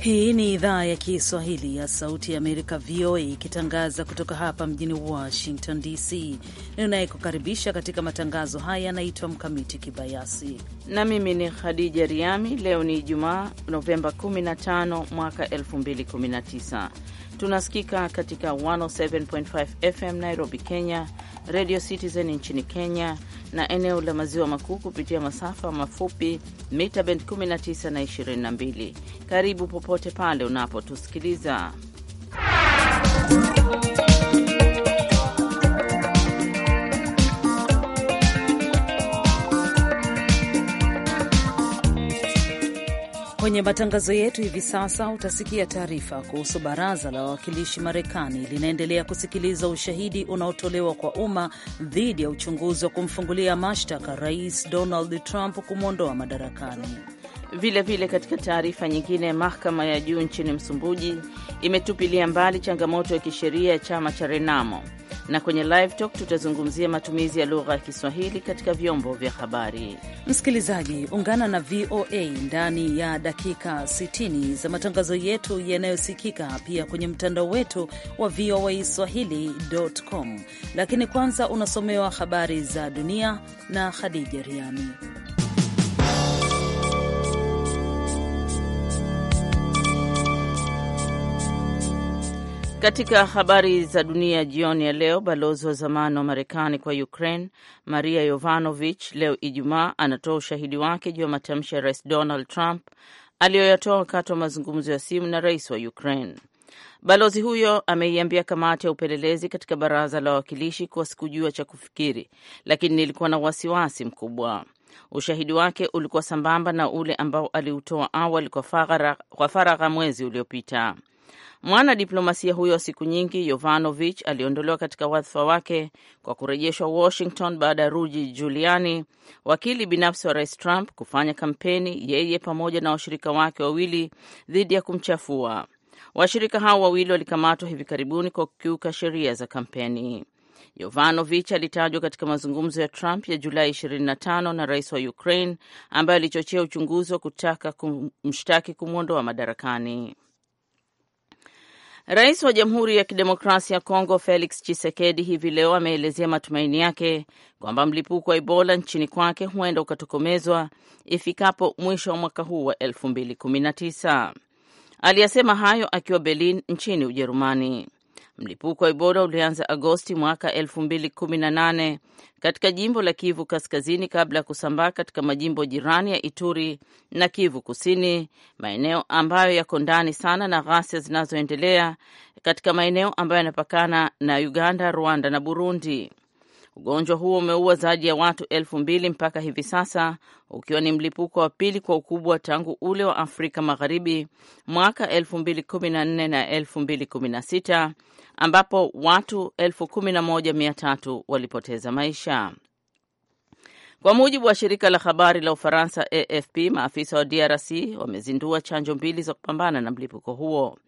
Hii ni idhaa ya Kiswahili ya Sauti ya Amerika, VOA, ikitangaza kutoka hapa mjini Washington DC. Ninayekukaribisha katika matangazo haya yanaitwa Mkamiti Kibayasi na mimi ni Khadija Riami. Leo ni Ijumaa, Novemba 15 mwaka 2019. Tunasikika katika 107.5 FM Nairobi, Kenya, Radio Citizen nchini Kenya na eneo la maziwa makuu kupitia masafa mafupi mita bend 19 na 22. Karibu popote pale unapotusikiliza Kwenye matangazo yetu hivi sasa utasikia taarifa kuhusu baraza la wawakilishi Marekani linaendelea kusikiliza ushahidi unaotolewa kwa umma dhidi ya uchunguzi wa kumfungulia mashtaka Rais Donald Trump kumwondoa madarakani. Vilevile vile katika taarifa nyingine, mahakama ya juu nchini msumbuji imetupilia mbali changamoto ya kisheria ya chama cha Renamo na kwenye live talk tutazungumzia matumizi ya lugha ya Kiswahili katika vyombo vya habari. Msikilizaji, ungana na VOA ndani ya dakika 60 za matangazo yetu yanayosikika pia kwenye mtandao wetu wa VOA Swahili.com, lakini kwanza unasomewa habari za dunia na Khadija Riami. Katika habari za dunia jioni ya leo, balozi wa zamani wa Marekani kwa Ukraine Maria Yovanovich leo Ijumaa anatoa ushahidi wake juu ya matamshi ya Rais Donald Trump aliyoyatoa wakati wa mazungumzo ya simu na rais wa Ukraine. Balozi huyo ameiambia kamati ya upelelezi katika baraza la wawakilishi kuwa sikujua cha kufikiri, lakini nilikuwa na wasiwasi mkubwa. Ushahidi wake ulikuwa sambamba na ule ambao aliutoa awali kwa faragha mwezi uliopita. Mwana diplomasia huyo wa siku nyingi yovanovich aliondolewa katika wadhifa wake kwa kurejeshwa Washington baada ya Ruji Giuliani, wakili binafsi wa rais Trump, kufanya kampeni yeye pamoja na washirika wake wawili dhidi ya kumchafua. Washirika hao wawili walikamatwa hivi karibuni kwa kukiuka sheria za kampeni. yovanovich alitajwa katika mazungumzo ya Trump ya Julai 25 na rais wa Ukraine ambaye alichochea uchunguzi wa kutaka kumshtaki kumwondoa madarakani. Rais wa Jamhuri ya Kidemokrasia ya Kongo Felix Tshisekedi hivi leo ameelezea matumaini yake kwamba mlipuko wa Ebola nchini kwake huenda ukatokomezwa ifikapo mwisho wa mwaka huu wa 2019. Aliyasema hayo akiwa Berlin nchini Ujerumani. Mlipuko wa Ebola ulianza Agosti mwaka 2018 katika jimbo la Kivu Kaskazini kabla ya kusambaa katika majimbo jirani ya Ituri na Kivu Kusini, maeneo ambayo yako ndani sana na ghasia zinazoendelea katika maeneo ambayo yanapakana na Uganda, Rwanda na Burundi. Ugonjwa huo umeua zaidi ya watu elfu mbili mpaka hivi sasa, ukiwa ni mlipuko wa pili kwa ukubwa tangu ule wa Afrika Magharibi mwaka kumi na sita ambapo watu tatu walipoteza maisha. Kwa mujibu wa shirika la habari la Ufaransa AFP, maafisa wa DRC wamezindua chanjo mbili za kupambana na mlipuko huo.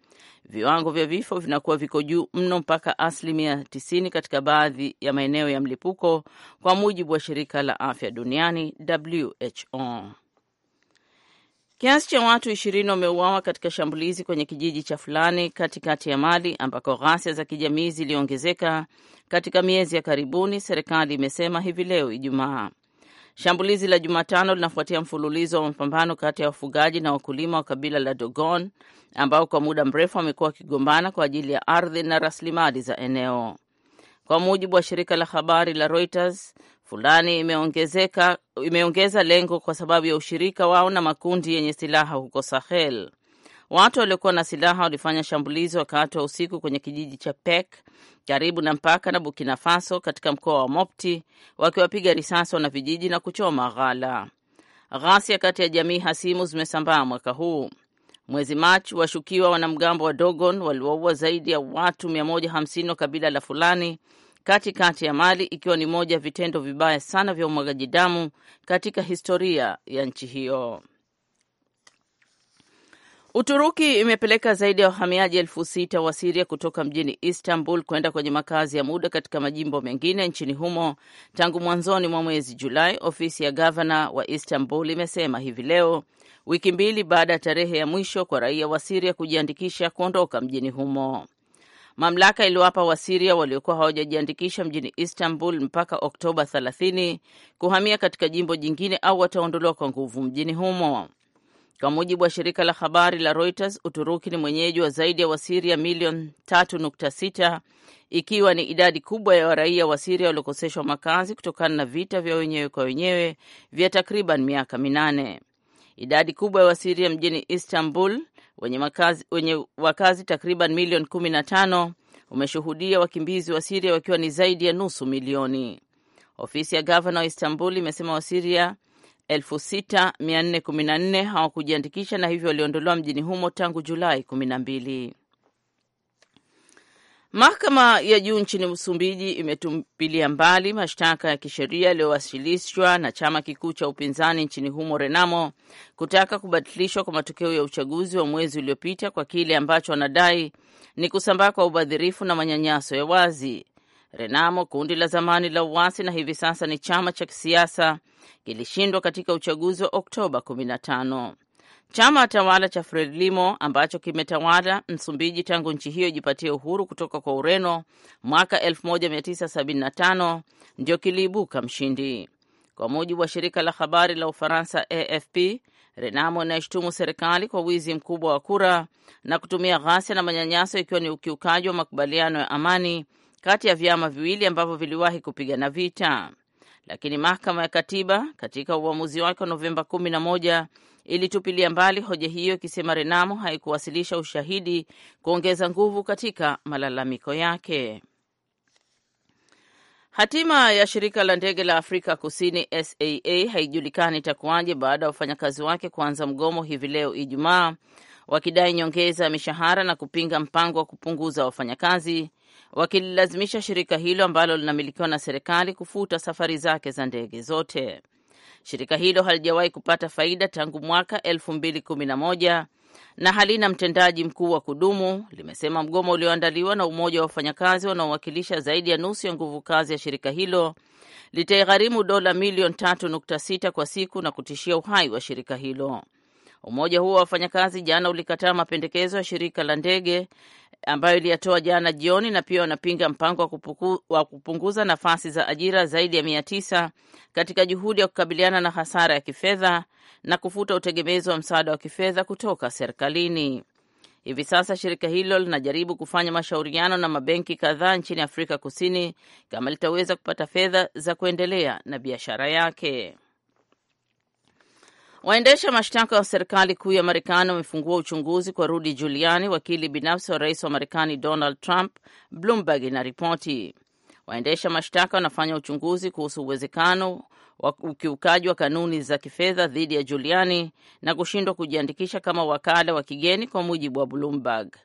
Viwango vya vifo vinakuwa viko juu mno mpaka asilimia 90 katika baadhi ya maeneo ya mlipuko, kwa mujibu wa shirika la afya duniani WHO. Kiasi cha watu ishirini wameuawa katika shambulizi kwenye kijiji cha fulani katikati ya Mali ambako ghasia za kijamii ziliongezeka katika miezi ya karibuni, serikali imesema hivi leo Ijumaa. Shambulizi la Jumatano linafuatia mfululizo wa mapambano kati ya wafugaji na wakulima wa kabila la Dogon ambao kwa muda mrefu wamekuwa wakigombana kwa ajili ya ardhi na rasilimali za eneo. Kwa mujibu wa shirika la habari la Reuters, Fulani imeongezeka imeongeza lengo kwa sababu ya ushirika wao na makundi yenye silaha huko Sahel. Watu waliokuwa na silaha walifanya shambulizi wakati wa usiku kwenye kijiji cha Pek karibu na mpaka na Burkina Faso katika mkoa wa Mopti wakiwapiga risasi vijiji na kuchoma ghala. Ghasia kati ya jamii hasimu zimesambaa mwaka huu. Mwezi Machi, washukiwa wanamgambo wa Dogon waliwaua zaidi ya watu 150 wa kabila la Fulani katikati kati ya Mali, ikiwa ni moja ya vitendo vibaya sana vya umwagaji damu katika historia ya nchi hiyo. Uturuki imepeleka zaidi ya wahamiaji elfu sita wa Siria kutoka mjini Istanbul kwenda kwenye makazi ya muda katika majimbo mengine nchini humo tangu mwanzoni mwa mwezi Julai, ofisi ya gavana wa Istanbul imesema hivi leo, wiki mbili baada ya tarehe ya mwisho kwa raia wa Siria kujiandikisha kuondoka mjini humo. Mamlaka iliwapa Wasiria waliokuwa hawajajiandikisha mjini Istanbul mpaka Oktoba 30 kuhamia katika jimbo jingine au wataondolewa kwa nguvu mjini humo. Kwa mujibu wa shirika la habari la Reuters, Uturuki ni mwenyeji wa zaidi ya Wasiria milioni 3.6 ikiwa ni idadi kubwa ya raia wa Siria waliokoseshwa makazi kutokana na vita vya wenyewe kwa wenyewe vya takriban miaka minane. Idadi kubwa ya Wasiria mjini Istanbul wenye, makazi, wenye wakazi takriban milioni 15 umeshuhudia wakimbizi wa Siria wakiwa ni zaidi ya nusu milioni. Ofisi ya gavana wa Istanbul imesema Wasiria 6414 hawakujiandikisha na hivyo waliondolewa mjini humo tangu Julai 12. Mahakama ya juu nchini Msumbiji imetupilia mbali mashtaka ya kisheria yaliyowasilishwa na chama kikuu cha upinzani nchini humo Renamo kutaka kubatilishwa kwa matokeo ya uchaguzi wa mwezi uliopita kwa kile ambacho wanadai ni kusambaa kwa ubadhirifu na manyanyaso ya wazi. Renamo, kundi la zamani la uasi na hivi sasa ni chama cha kisiasa kilishindwa katika uchaguzi wa Oktoba 15. Chama tawala cha Frelimo ambacho kimetawala Msumbiji tangu nchi hiyo ijipatie uhuru kutoka kwa Ureno mwaka 1975 ndio kiliibuka mshindi, kwa mujibu wa shirika la habari la Ufaransa AFP. Renamo inayeshutumu serikali kwa wizi mkubwa wa kura na kutumia ghasia na manyanyaso, ikiwa ni ukiukaji wa makubaliano ya amani kati ya vyama viwili ambavyo viliwahi kupigana vita lakini mahakama ya katiba katika uamuzi wake wa Novemba 11 ilitupilia mbali hoja hiyo ikisema Renamo haikuwasilisha ushahidi kuongeza nguvu katika malalamiko yake. Hatima ya shirika la ndege la Afrika Kusini SAA haijulikani itakuwaje baada ya wafanyakazi wake kuanza mgomo hivi leo Ijumaa, wakidai nyongeza ya mishahara na kupinga mpango wa kupunguza wafanyakazi wakililazimisha shirika hilo ambalo linamilikiwa na serikali kufuta safari zake za ndege zote. Shirika hilo halijawahi kupata faida tangu mwaka 2011 na halina mtendaji mkuu wa kudumu, limesema. Mgomo ulioandaliwa na umoja wa wafanyakazi wanaowakilisha zaidi ya nusu ya nguvu kazi ya shirika hilo litaigharimu dola milioni 3.6 kwa siku na kutishia uhai wa shirika hilo. Umoja huo wa wafanyakazi jana ulikataa mapendekezo ya shirika la ndege ambayo iliyatoa jana jioni, na pia wanapinga mpango wa, kupuku, wa kupunguza nafasi za ajira zaidi ya mia tisa katika juhudi ya kukabiliana na hasara ya kifedha na kufuta utegemezi wa msaada wa kifedha kutoka serikalini. Hivi sasa shirika hilo linajaribu kufanya mashauriano na mabenki kadhaa nchini Afrika Kusini kama litaweza kupata fedha za kuendelea na biashara yake. Waendesha mashtaka wa serikali kuu ya Marekani wamefungua uchunguzi kwa Rudy Giuliani, wakili binafsi wa rais wa Marekani Donald Trump, Bloomberg inaripoti. Waendesha mashtaka wanafanya uchunguzi kuhusu uwezekano wa ukiukaji wa kanuni za kifedha dhidi ya Giuliani na kushindwa kujiandikisha kama wakala wa kigeni, kwa mujibu wa Bloomberg.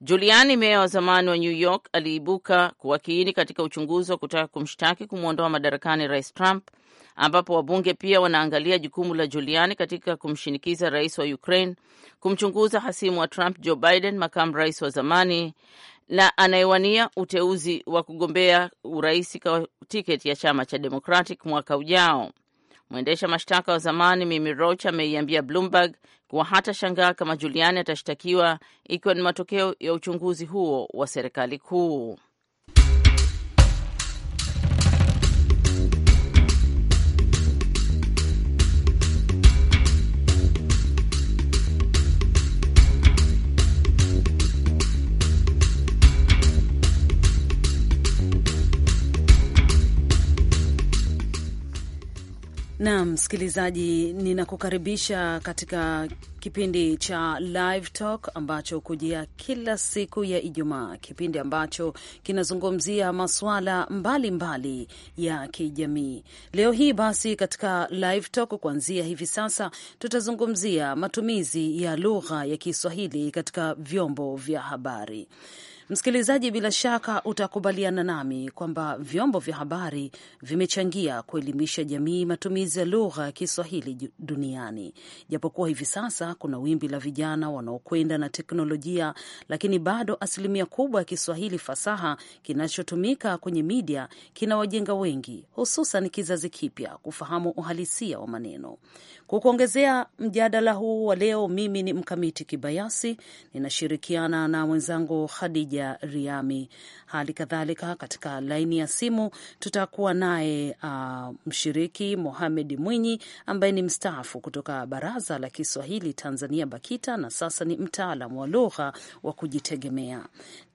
Giuliani, meya wa zamani wa New York, aliibuka kuwa kiini katika uchunguzi wa kutaka kumshtaki kumwondoa madarakani rais Trump ambapo wabunge pia wanaangalia jukumu la juliani katika kumshinikiza rais wa Ukraine kumchunguza hasimu wa Trump Joe Biden, makamu rais wa zamani na anayewania uteuzi wa kugombea urais kwa tiketi ya chama cha Democratic mwaka ujao. Mwendesha mashtaka wa zamani Mimi Roach ameiambia Bloomberg kuwa hata shangaa kama Juliani atashtakiwa ikiwa ni matokeo ya uchunguzi huo wa serikali kuu. Naam, msikilizaji, ninakukaribisha katika kipindi cha Live Talk ambacho hukujia kila siku ya Ijumaa, kipindi ambacho kinazungumzia masuala mbalimbali ya kijamii. Leo hii basi, katika Live Talk kuanzia hivi sasa, tutazungumzia matumizi ya lugha ya Kiswahili katika vyombo vya habari. Msikilizaji, bila shaka utakubaliana nami kwamba vyombo vya habari vimechangia kuelimisha jamii matumizi ya lugha ya Kiswahili duniani. Japokuwa hivi sasa kuna wimbi la vijana wanaokwenda na teknolojia, lakini bado asilimia kubwa ya Kiswahili fasaha kinachotumika kwenye midia kinawajenga wengi, hususan kizazi kipya, kufahamu uhalisia wa maneno. Kwa kuongezea mjadala huu wa leo, mimi ni Mkamiti Kibayasi, ninashirikiana na mwenzangu Khadija Khadija Riami. Hali kadhalika katika laini ya simu tutakuwa naye uh, mshiriki Mohamed Mwinyi ambaye ni mstaafu kutoka Baraza la Kiswahili Tanzania BAKITA na sasa ni mtaalam wa lugha wa kujitegemea.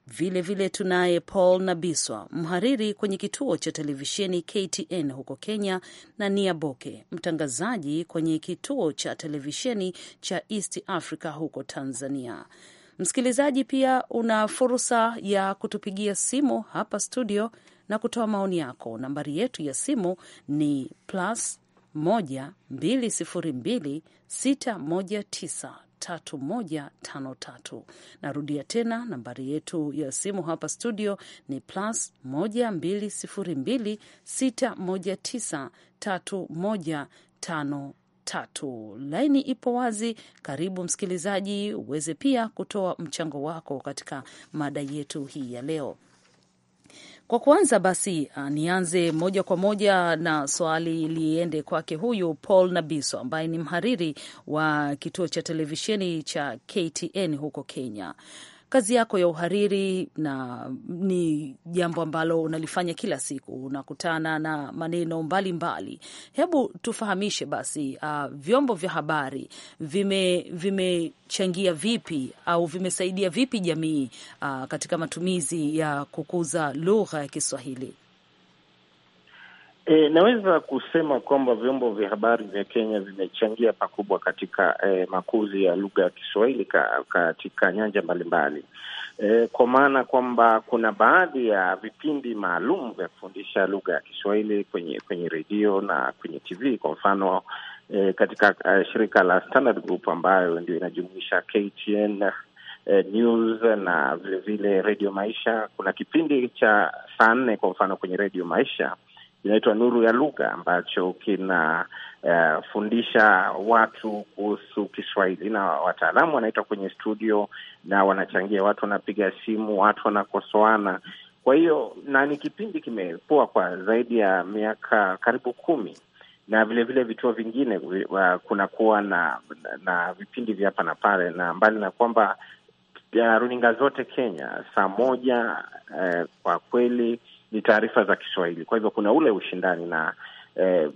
Vilevile tunaye Paul Nabiswa, mhariri kwenye kituo cha televisheni KTN huko Kenya, na Nia Boke, mtangazaji kwenye kituo cha televisheni cha East Africa huko Tanzania. Msikilizaji pia una fursa ya kutupigia simu hapa studio na kutoa maoni yako. Nambari yetu ya simu ni plus 1 Narudia tena nambari yetu ya simu hapa studio ni plus 12026193153 tatu. Laini ipo wazi, karibu msikilizaji, uweze pia kutoa mchango wako katika mada yetu hii ya leo. Kwa kwanza basi, ah, nianze moja kwa moja na swali liende kwake huyu Paul Nabiso ambaye ni mhariri wa kituo cha televisheni cha KTN huko Kenya kazi yako ya uhariri na ni jambo ambalo unalifanya kila siku, unakutana na maneno mbalimbali mbali. Hebu tufahamishe basi, uh, vyombo vya habari vimechangia vime vipi au vimesaidia vipi jamii uh, katika matumizi ya kukuza lugha ya Kiswahili? E, naweza kusema kwamba vyombo vya habari vya Kenya vimechangia pakubwa katika e, makuzi ya lugha ya Kiswahili ka, katika nyanja mbalimbali e, kwa maana kwamba kuna baadhi ya vipindi maalum vya kufundisha lugha ya Kiswahili kwenye kwenye redio na kwenye TV kwa mfano e, katika e, shirika la Standard Group ambayo ndio inajumuisha KTN e, News na vilevile Redio Maisha. Kuna kipindi cha saa nne kwa mfano kwenye Redio Maisha kinaitwa Nuru ya Lugha ambacho kinafundisha eh, uh, watu kuhusu Kiswahili, na wataalamu wanaitwa kwenye studio na wanachangia, watu wanapiga simu, watu wanakosoana. Kwa hiyo na ni kipindi kimepoa kwa zaidi ya miaka karibu kumi na vilevile vituo vingine kunakuwa na, na, na vipindi vya hapa na pale, na mbali na kwamba runinga zote Kenya saa moja eh, kwa kweli ni taarifa za Kiswahili. Kwa hivyo kuna ule ushindani na eh,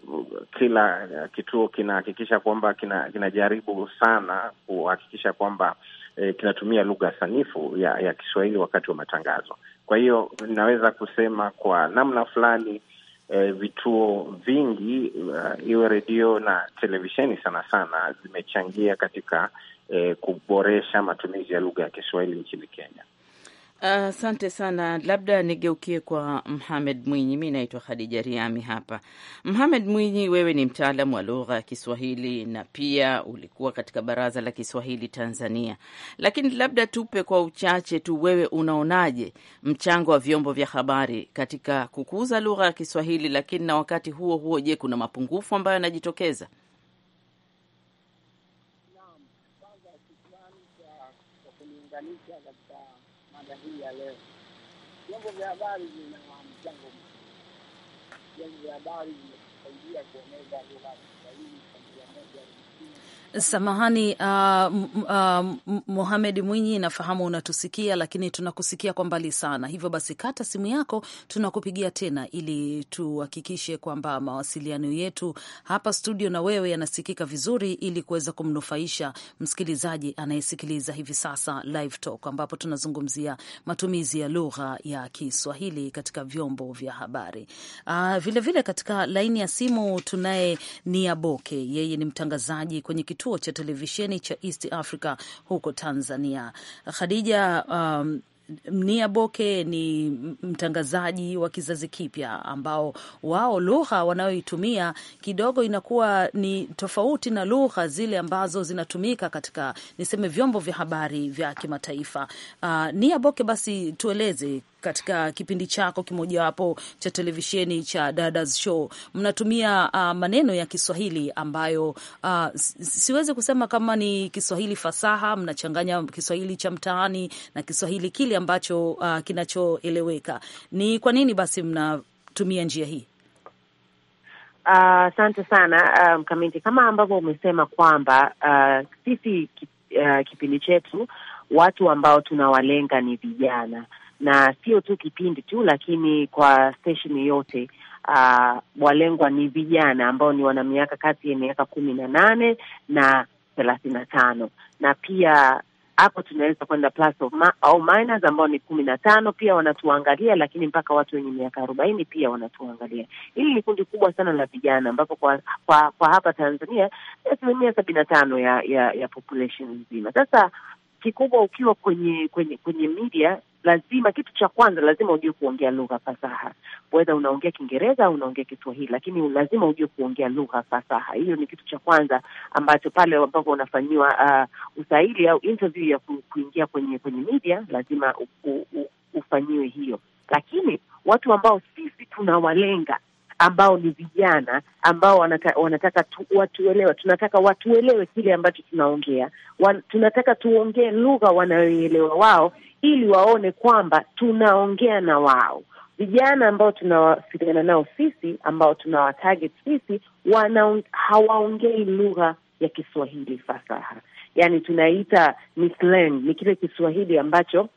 kila kituo kinahakikisha kwamba kinajaribu kina sana kuhakikisha kwamba eh, kinatumia lugha sanifu ya, ya Kiswahili wakati wa matangazo. Kwa hiyo naweza kusema kwa namna fulani eh, vituo vingi uh, iwe redio na televisheni sana sana zimechangia katika eh, kuboresha matumizi ya lugha ya Kiswahili nchini Kenya. Asante uh, sana. Labda nigeukie kwa Mhamed Mwinyi. Mi naitwa Khadija Riami hapa. Mhamed Mwinyi, wewe ni mtaalam wa lugha ya Kiswahili na pia ulikuwa katika Baraza la Kiswahili Tanzania, lakini labda tupe kwa uchache tu, wewe unaonaje mchango wa vyombo vya habari katika kukuza lugha ya Kiswahili? Lakini na wakati huo huo, je, kuna mapungufu ambayo yanajitokeza? leo. Vyombo vya habari vina mchango mkubwa. Vyombo vya habari vimesaidia kueneza lugha ya Kiswahili Samahani uh, uh, Mohamed Mwinyi, nafahamu unatusikia, lakini tunakusikia kwa mbali sana. Hivyo basi, kata simu yako, tunakupigia tena ili tuhakikishe kwamba mawasiliano yetu hapa studio na wewe yanasikika vizuri, ili kuweza kumnufaisha msikilizaji anayesikiliza hivi sasa Live Talk, ambapo tunazungumzia matumizi ya lugha ya Kiswahili katika vyombo vya habari. Uh, vilevile katika laini ya simu tunaye Niaboke, yeye ni mtangazaji kwenye kitu kituo cha televisheni cha East Africa huko Tanzania. Khadija, um, Mnia Boke ni mtangazaji wa kizazi kipya ambao wao lugha wanayoitumia kidogo inakuwa ni tofauti na lugha zile ambazo zinatumika katika niseme vyombo vya habari vya kimataifa. Uh, Nia Boke, basi tueleze katika kipindi chako kimojawapo cha televisheni cha Dadas Show mnatumia uh, maneno ya Kiswahili ambayo uh, siwezi kusema kama ni Kiswahili fasaha. Mnachanganya Kiswahili cha mtaani na Kiswahili kile ambacho uh, kinachoeleweka. Ni kwa nini basi mnatumia njia hii? Asante uh, sana mkamiti. Um, kama ambavyo umesema kwamba uh, sisi uh, kipindi chetu watu ambao tunawalenga ni vijana na sio tu kipindi tu, lakini kwa stesheni yote uh, walengwa ni vijana ambao ni wana miaka kati ya miaka kumi na nane na thelathini na tano na pia hapo tunaweza kwenda plus of ma au minus ambao ni kumi na tano pia wanatuangalia, lakini mpaka watu wenye miaka arobaini pia wanatuangalia. Hili ni kundi kubwa sana la vijana, ambapo kwa, kwa kwa hapa Tanzania asilimia sabini na tano ya ya population nzima. Sasa kikubwa ukiwa kwenye kwenye kwenye media lazima, kitu cha kwanza, lazima ujue kuongea lugha fasaha, wedha unaongea Kiingereza au unaongea Kiswahili, lakini lazima ujue kuongea lugha fasaha. Hiyo ni kitu cha kwanza ambacho pale ambapo unafanyiwa uh, usaili au interview ya kuingia kwenye kwenye media lazima u, u, u, ufanyiwe hiyo, lakini watu ambao sisi tunawalenga ambao ni vijana ambao wanata, wanataka tu, watuelewe. Tunataka watuelewe kile ambacho tunaongea Wan, tunataka tuongee lugha wanayoelewa wao, ili waone kwamba tunaongea na wao. Vijana ambao tunawasiliana nao sisi, ambao tunawatarget sisi, hawaongei lugha ya Kiswahili fasaha, yani tunaita ni slang, ni kile Kiswahili ambacho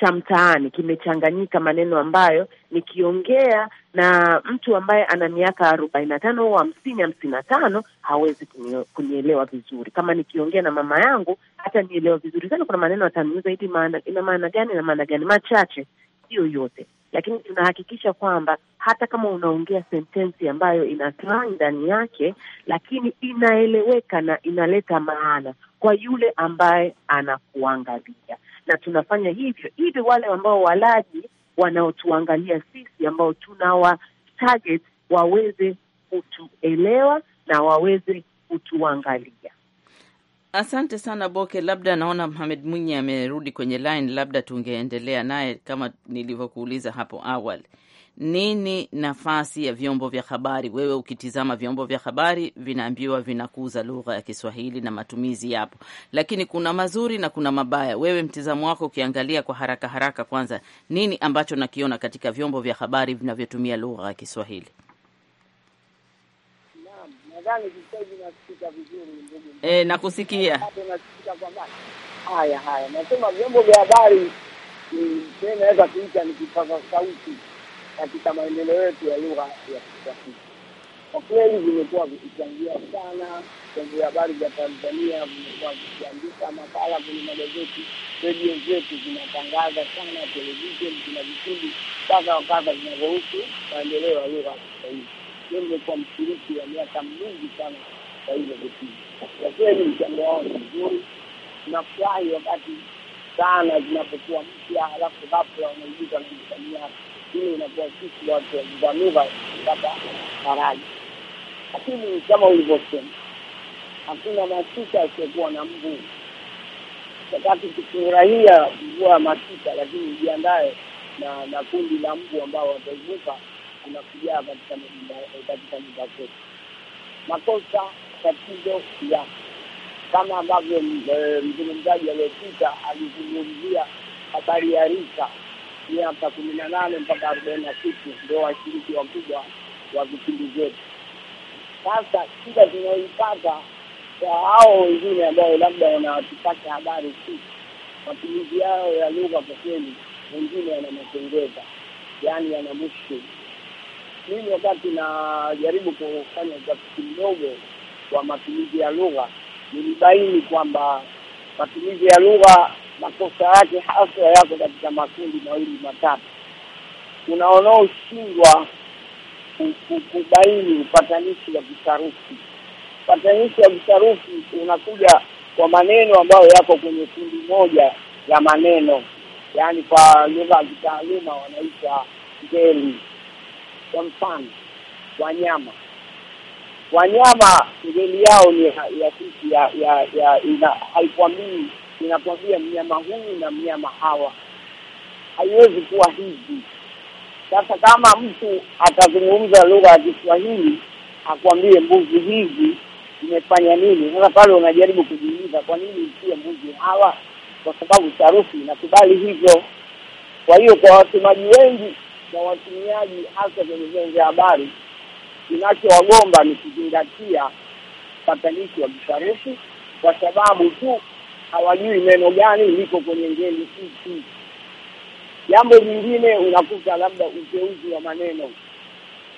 cha mtaani kimechanganyika maneno ambayo nikiongea na mtu ambaye ana miaka arobaini na tano au hamsini hamsini na tano hawezi kunielewa vizuri. Kama nikiongea na mama yangu hata nielewa vizuri sana, kuna maneno ataniuza hivi, maana ina maana gani na maana gani, machache sio yote, lakini tunahakikisha kwamba hata kama unaongea sentensi ambayo ina ndani yake, lakini inaeleweka na inaleta maana kwa yule ambaye anakuangalia na tunafanya hivyo ili wale ambao walaji wanaotuangalia sisi ambao tunawa target waweze kutuelewa na waweze kutuangalia. Asante sana Boke. Labda naona Mohamed Mwinyi amerudi kwenye line, labda tungeendelea naye kama nilivyokuuliza hapo awali nini nafasi ya vyombo vya habari? Wewe ukitizama vyombo vya habari vinaambiwa vinakuza lugha ya Kiswahili na matumizi yapo, lakini kuna mazuri na kuna mabaya. Wewe mtizamo wako ukiangalia kwa haraka haraka, kwanza nini ambacho nakiona katika vyombo vya habari vinavyotumia lugha ya Kiswahili? Nadhani nasikika vizuri ndugu. Eh, nakusikia. Haya haya, nasema vyombo vya habari mm, naweza kuita ni kipaza sauti katika maendeleo yetu ya lugha ya Kiswahili. Kwa kweli vimekuwa vikichangia sana kwenye habari za Tanzania, vimekuwa vikiandika makala kwenye magazeti, redio zetu zinatangaza sana, televisheni zina vipindi kadha wa kadha vinavyohusu maendeleo ya lugha ya Kiswahili. Hiyo nimekuwa mshiriki wa miaka mingi sana kwa hizo vipindi. Kwa kweli mchango wao ni mzuri, tunafurahi wakati sana zinapokuwa mpya, halafu ghafla wanaibuka na lakini sisi watu wakizanuka kupata faraja. Lakini kama ulivyosema, hakuna masika asiyokuwa na mvua. Wakati tukifurahia mvua ya masika, lakini ujiandae na na kundi la mbu ambao wataibuka kuna kujaa katika katika nyumba zetu. Makosa tatizo ya kama ambavyo eh, mzungumzaji aliyopita alizungumzia habari ya rika miaka kumi na nane mpaka arobaini na siku ndio washiriki wakubwa wa vipindi vyetu. Sasa shida zinaoipata kwa hao wengine ambao labda wanatupata habari si matumizi yao ya lugha, kwa kweli wengine yana matengeza, yaani yana mushkili. Mimi wakati najaribu kufanya utafiti mdogo wa matumizi ya lugha, nilibaini kwamba matumizi ya lugha makosa yake hasa yako katika makundi mawili matatu kuna wanaoshindwa kubaini upatanishi wa kisarufi upatanishi wa kisarufi unakuja kwa maneno ambayo yako kwenye kundi moja ya maneno yaani kwa lugha ya kitaaluma wanaita ngeli kwa mfano wanyama wanyama ngeli yao ni ya ya ya, ya, ya haikwambii ninakwambia mnyama huyu na mnyama hawa haiwezi kuwa hivi sasa kama mtu atazungumza lugha ya Kiswahili akwambie mbuzi hizi imefanya nini sasa pale unajaribu kujiuliza kwa nini sio mbuzi hawa kwa sababu sarufi inakubali hivyo kwa hiyo kwa wasemaji wengi na watumiaji hasa kwenye vyombo vya habari kinachowagomba ni kuzingatia upatanishi wa kisarufi kwa sababu tu hawajui neno gani liko kwenye ngeli hii. Jambo lingine unakuta labda uteuzi wa maneno,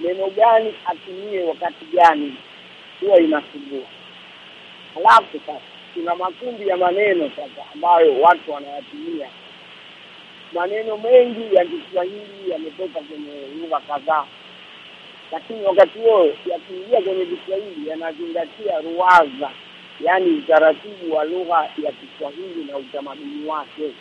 neno gani atumie wakati gani, huwa inasumbua. Halafu sasa kuna makundi ya maneno sasa ambayo watu wanayatumia. Maneno mengi ya Kiswahili yametoka kwenye lugha kadhaa, lakini wakati huo yakiingia kwenye Kiswahili yanazingatia ruwaza, yaani utaratibu wa lugha ya Kiswahili na utamaduni wake.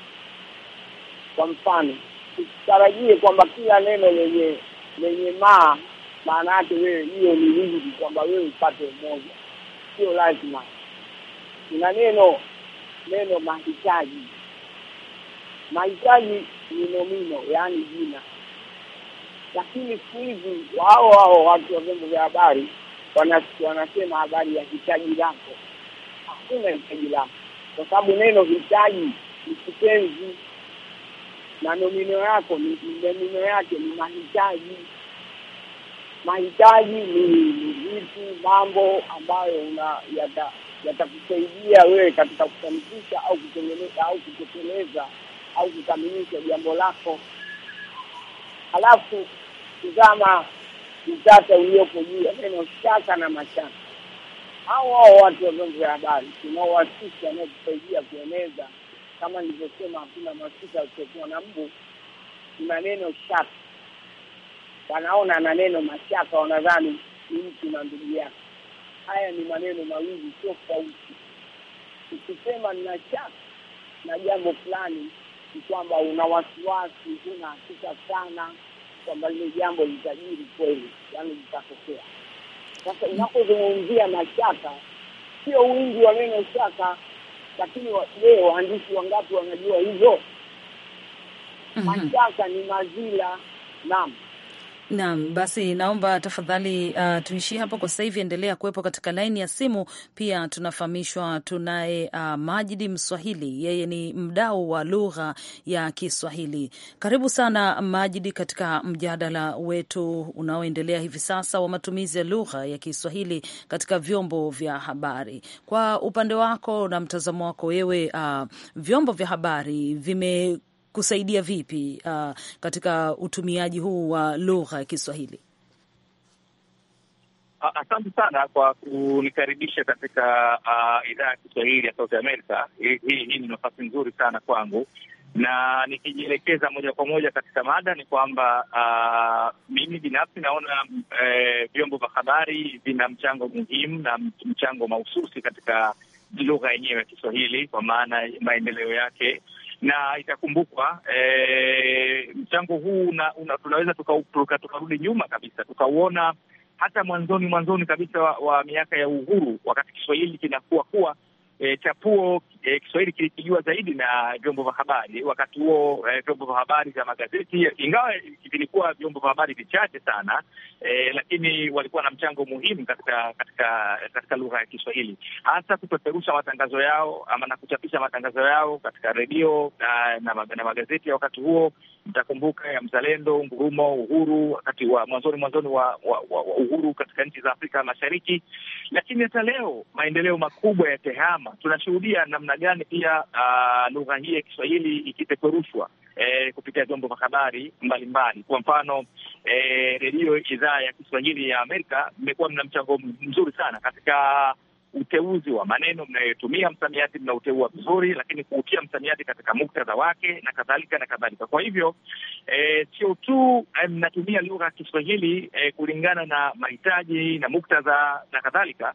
Kwa mfano, usitarajie kwamba kila neno lenye lenye maa maana yake wewe hiyo ni wingi kwamba wewe upate umoja. Sio lazima. Kuna neno neno mahitaji. Mahitaji ni nomino, yaani jina. Lakini siku hizi wao wao watu wa vyombo vya habari wanasema habari ya hitaji lako. Hakuna hitaji lako kwa sababu neno hitaji ni kitenzi na nomino yako ni nomino yake ni mahitaji. Mahitaji ni vitu, mambo ambayo una yatakusaidia yata wewe katika kufanikisha au kutengeneza au kutekeleza au kukamilisha jambo lako. Halafu tizama utata uliopo juu ya neno shaka na mashaka hawa watu wa vyombo vya habari tunaowaasisi wanaotusaidia kueneza, kama nilivyosema, hakuna masika asiokuwa na mbu, Ni neno shaka. Wanaona maneno neno mashaka, wanadhani ni mtu na ndugu yake. Haya ni maneno mawili tofauti. Ukisema nina shaka na jambo fulani, ni kwamba una wasiwasi, una hakika sana kwamba lile jambo litajiri kweli, yaani litatokea. Sasa inapozungumzia mashaka, sio wingi wa neno shaka, lakini je, waandishi wangapi wanajua -hmm. Mashaka ni mazila, naam Naam, basi naomba tafadhali uh, tuishie hapo kwa sasa hivi. Endelea kuwepo katika laini ya simu. Pia tunafahamishwa tunaye uh, Majidi Mswahili, yeye ni mdau wa lugha ya Kiswahili. Karibu sana Majidi katika mjadala wetu unaoendelea hivi sasa wa matumizi ya lugha ya Kiswahili katika vyombo vya habari. Kwa upande wako na mtazamo wako wewe, uh, vyombo vya habari vime kusaidia vipi uh, katika utumiaji huu wa lugha ya Kiswahili? Asante sana kwa kunikaribisha katika uh, idhaa ya Kiswahili ya Sauti Amerika. Hii hii ni nafasi nzuri sana kwangu, na nikijielekeza moja kwa moja katika mada ni kwamba uh, mimi binafsi naona eh, vyombo eh, vya habari vina mchango muhimu na mchango mahususi katika lugha yenyewe ya Kiswahili kwa maana maendeleo yake na itakumbukwa e, mchango huu una, una, tunaweza tukarudi tuka, tuka nyuma kabisa tukauona hata mwanzoni mwanzoni kabisa wa, wa miaka ya uhuru, wakati Kiswahili kinakuwa kuwa e, chapuo eh, Kiswahili kilipigiwa zaidi na vyombo vya habari wakati huo, eh, vyombo vya habari vya magazeti, ingawa vilikuwa vyombo vya habari vichache sana, eh, lakini walikuwa na mchango muhimu katika katika katika lugha ya Kiswahili, hasa kupeperusha matangazo yao ama na kuchapisha matangazo yao katika redio na, na, na magazeti ya wakati huo. Mtakumbuka ya Mzalendo, Ngurumo, Uhuru wakati wa mwanzoni mwanzoni wa, wa, wa, wa uhuru katika nchi za Afrika Mashariki. Lakini hata leo maendeleo makubwa ya tehama tunashuhudia namna namna gani pia uh, lugha hii ya Kiswahili ikipeperushwa eh, kupitia vyombo vya habari mbalimbali. Kwa mfano eh, redio idhaa ya Kiswahili ya Amerika mmekuwa mna mchango mzuri sana katika uteuzi wa maneno mnayotumia, msamiati mnauteua vizuri, lakini kuutia msamiati katika muktadha wake na kadhalika na kadhalika. Kwa hivyo eh, sio e, tu eh, mnatumia lugha ya Kiswahili e, kulingana na mahitaji na muktadha na kadhalika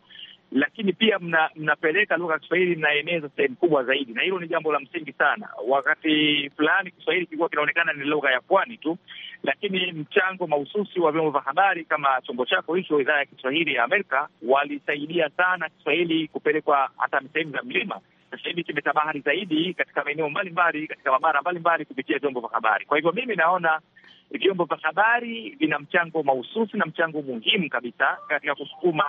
lakini pia mna, mnapeleka lugha ya Kiswahili mnaeneza sehemu kubwa zaidi, na hilo ni jambo la msingi sana. Wakati fulani Kiswahili kilikuwa kinaonekana ni lugha ya pwani tu, lakini mchango mahususi wa vyombo vya habari kama chombo chako hicho, idhaa ya Kiswahili ya Amerika, walisaidia sana Kiswahili kupelekwa hata sehemu za mlima. Sasa hivi kimetabahari zaidi katika maeneo mbalimbali, katika mabara mbalimbali kupitia vyombo vya habari. Kwa hivyo mimi naona vyombo vya habari vina mchango mahususi na mchango muhimu kabisa katika kusukuma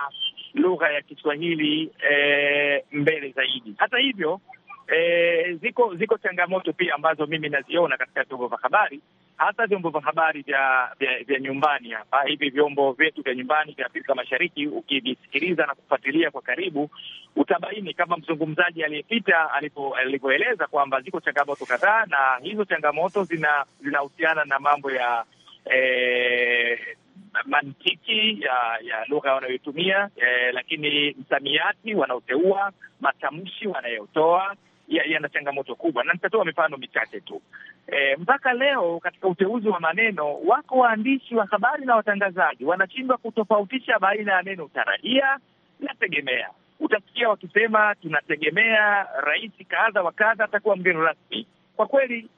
lugha ya Kiswahili e, mbele zaidi. Hata hivyo e, ziko ziko changamoto pia ambazo mimi naziona katika vyombo vya habari, hasa vyombo vya habari vya nyumbani hapa. Hivi vyombo vyetu vya nyumbani vya Afrika Mashariki, ukivisikiliza na kufuatilia kwa karibu, utabaini kama mzungumzaji aliyepita alivyoeleza kwamba ziko changamoto kadhaa, na hizo changamoto zinahusiana na mambo ya E, mantiki ya ya lugha wanayoitumia eh, lakini msamiati wanaoteua, matamshi wanayotoa yana ya changamoto kubwa, na nitatoa mifano michache tu. E, mpaka leo katika uteuzi wa maneno wako waandishi wa habari na watangazaji wanashindwa kutofautisha baina ya neno tarajia na tegemea. Utasikia wakisema tunategemea rais kadha wa kadha atakuwa mgeni rasmi. Kwa kweli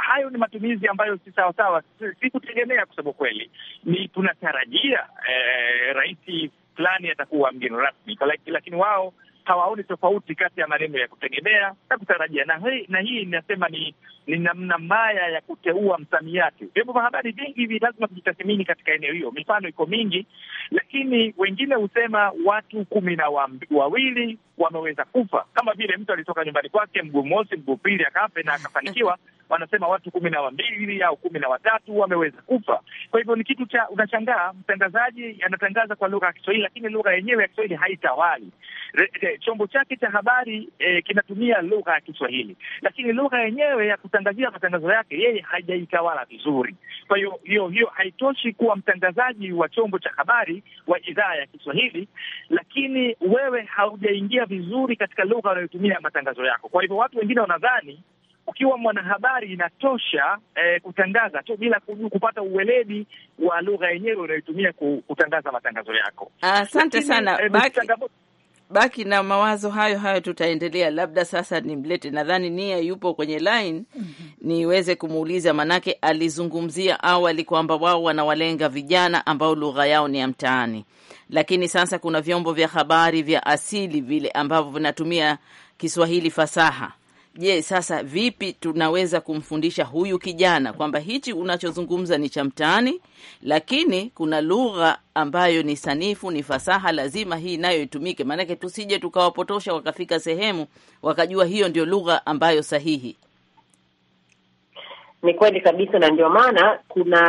hayo ni matumizi ambayo si sawasawa, si kutegemea. Kusema kweli, ni tunatarajia eh, rais fulani atakuwa mgeni rasmi, lakini wao hawaoni tofauti kati ya maneno ya kutegemea na kutarajia. Na, na hii inasema ni ni namna mbaya ya kuteua msamiati. Vyombo vya habari vingi hivi lazima vijitathmini katika eneo hiyo. Mifano iko mingi, lakini wengine husema watu kumi na wawili wameweza kufa, kama vile mtu alitoka nyumbani kwake mguu mosi, mguu pili, akafe na akafanikiwa. Wanasema watu kumi na wambili au kumi na watatu wameweza kufa. Kwa hivyo ni kitu cha unashangaa, mtangazaji anatangaza kwa lugha ya Kiswahili, lakini lugha yenyewe ya Kiswahili haitawali chombo chake cha habari e, kinatumia lugha ya Kiswahili, lakini lugha yenyewe ya kutangazia matangazo yake yeye hajaitawala vizuri. Kwa hiyo hiyo hiyo haitoshi kuwa mtangazaji wa chombo cha habari wa idhaa ya Kiswahili, lakini wewe haujaingia kuongea vizuri katika lugha unayotumia matangazo yako. Kwa hivyo watu wengine wanadhani ukiwa mwanahabari inatosha eh, kutangaza tu bila kupata uweledi wa lugha yenyewe unayotumia kutangaza matangazo yako. Asante ah, sana eh, baki, baki na mawazo hayo hayo, tutaendelea labda. Sasa nimlete, nadhani nia yupo kwenye line mm -hmm. niweze kumuuliza, manake alizungumzia awali kwamba wao wanawalenga vijana ambao lugha yao ni ya mtaani lakini sasa kuna vyombo vya habari vya asili vile ambavyo vinatumia Kiswahili fasaha. Je, sasa vipi tunaweza kumfundisha huyu kijana kwamba hichi unachozungumza ni cha mtaani, lakini kuna lugha ambayo ni sanifu, ni fasaha, lazima hii nayo itumike, maanake tusije tukawapotosha wakafika sehemu wakajua hiyo ndio lugha ambayo sahihi. Ni kweli kabisa, na ndio maana kuna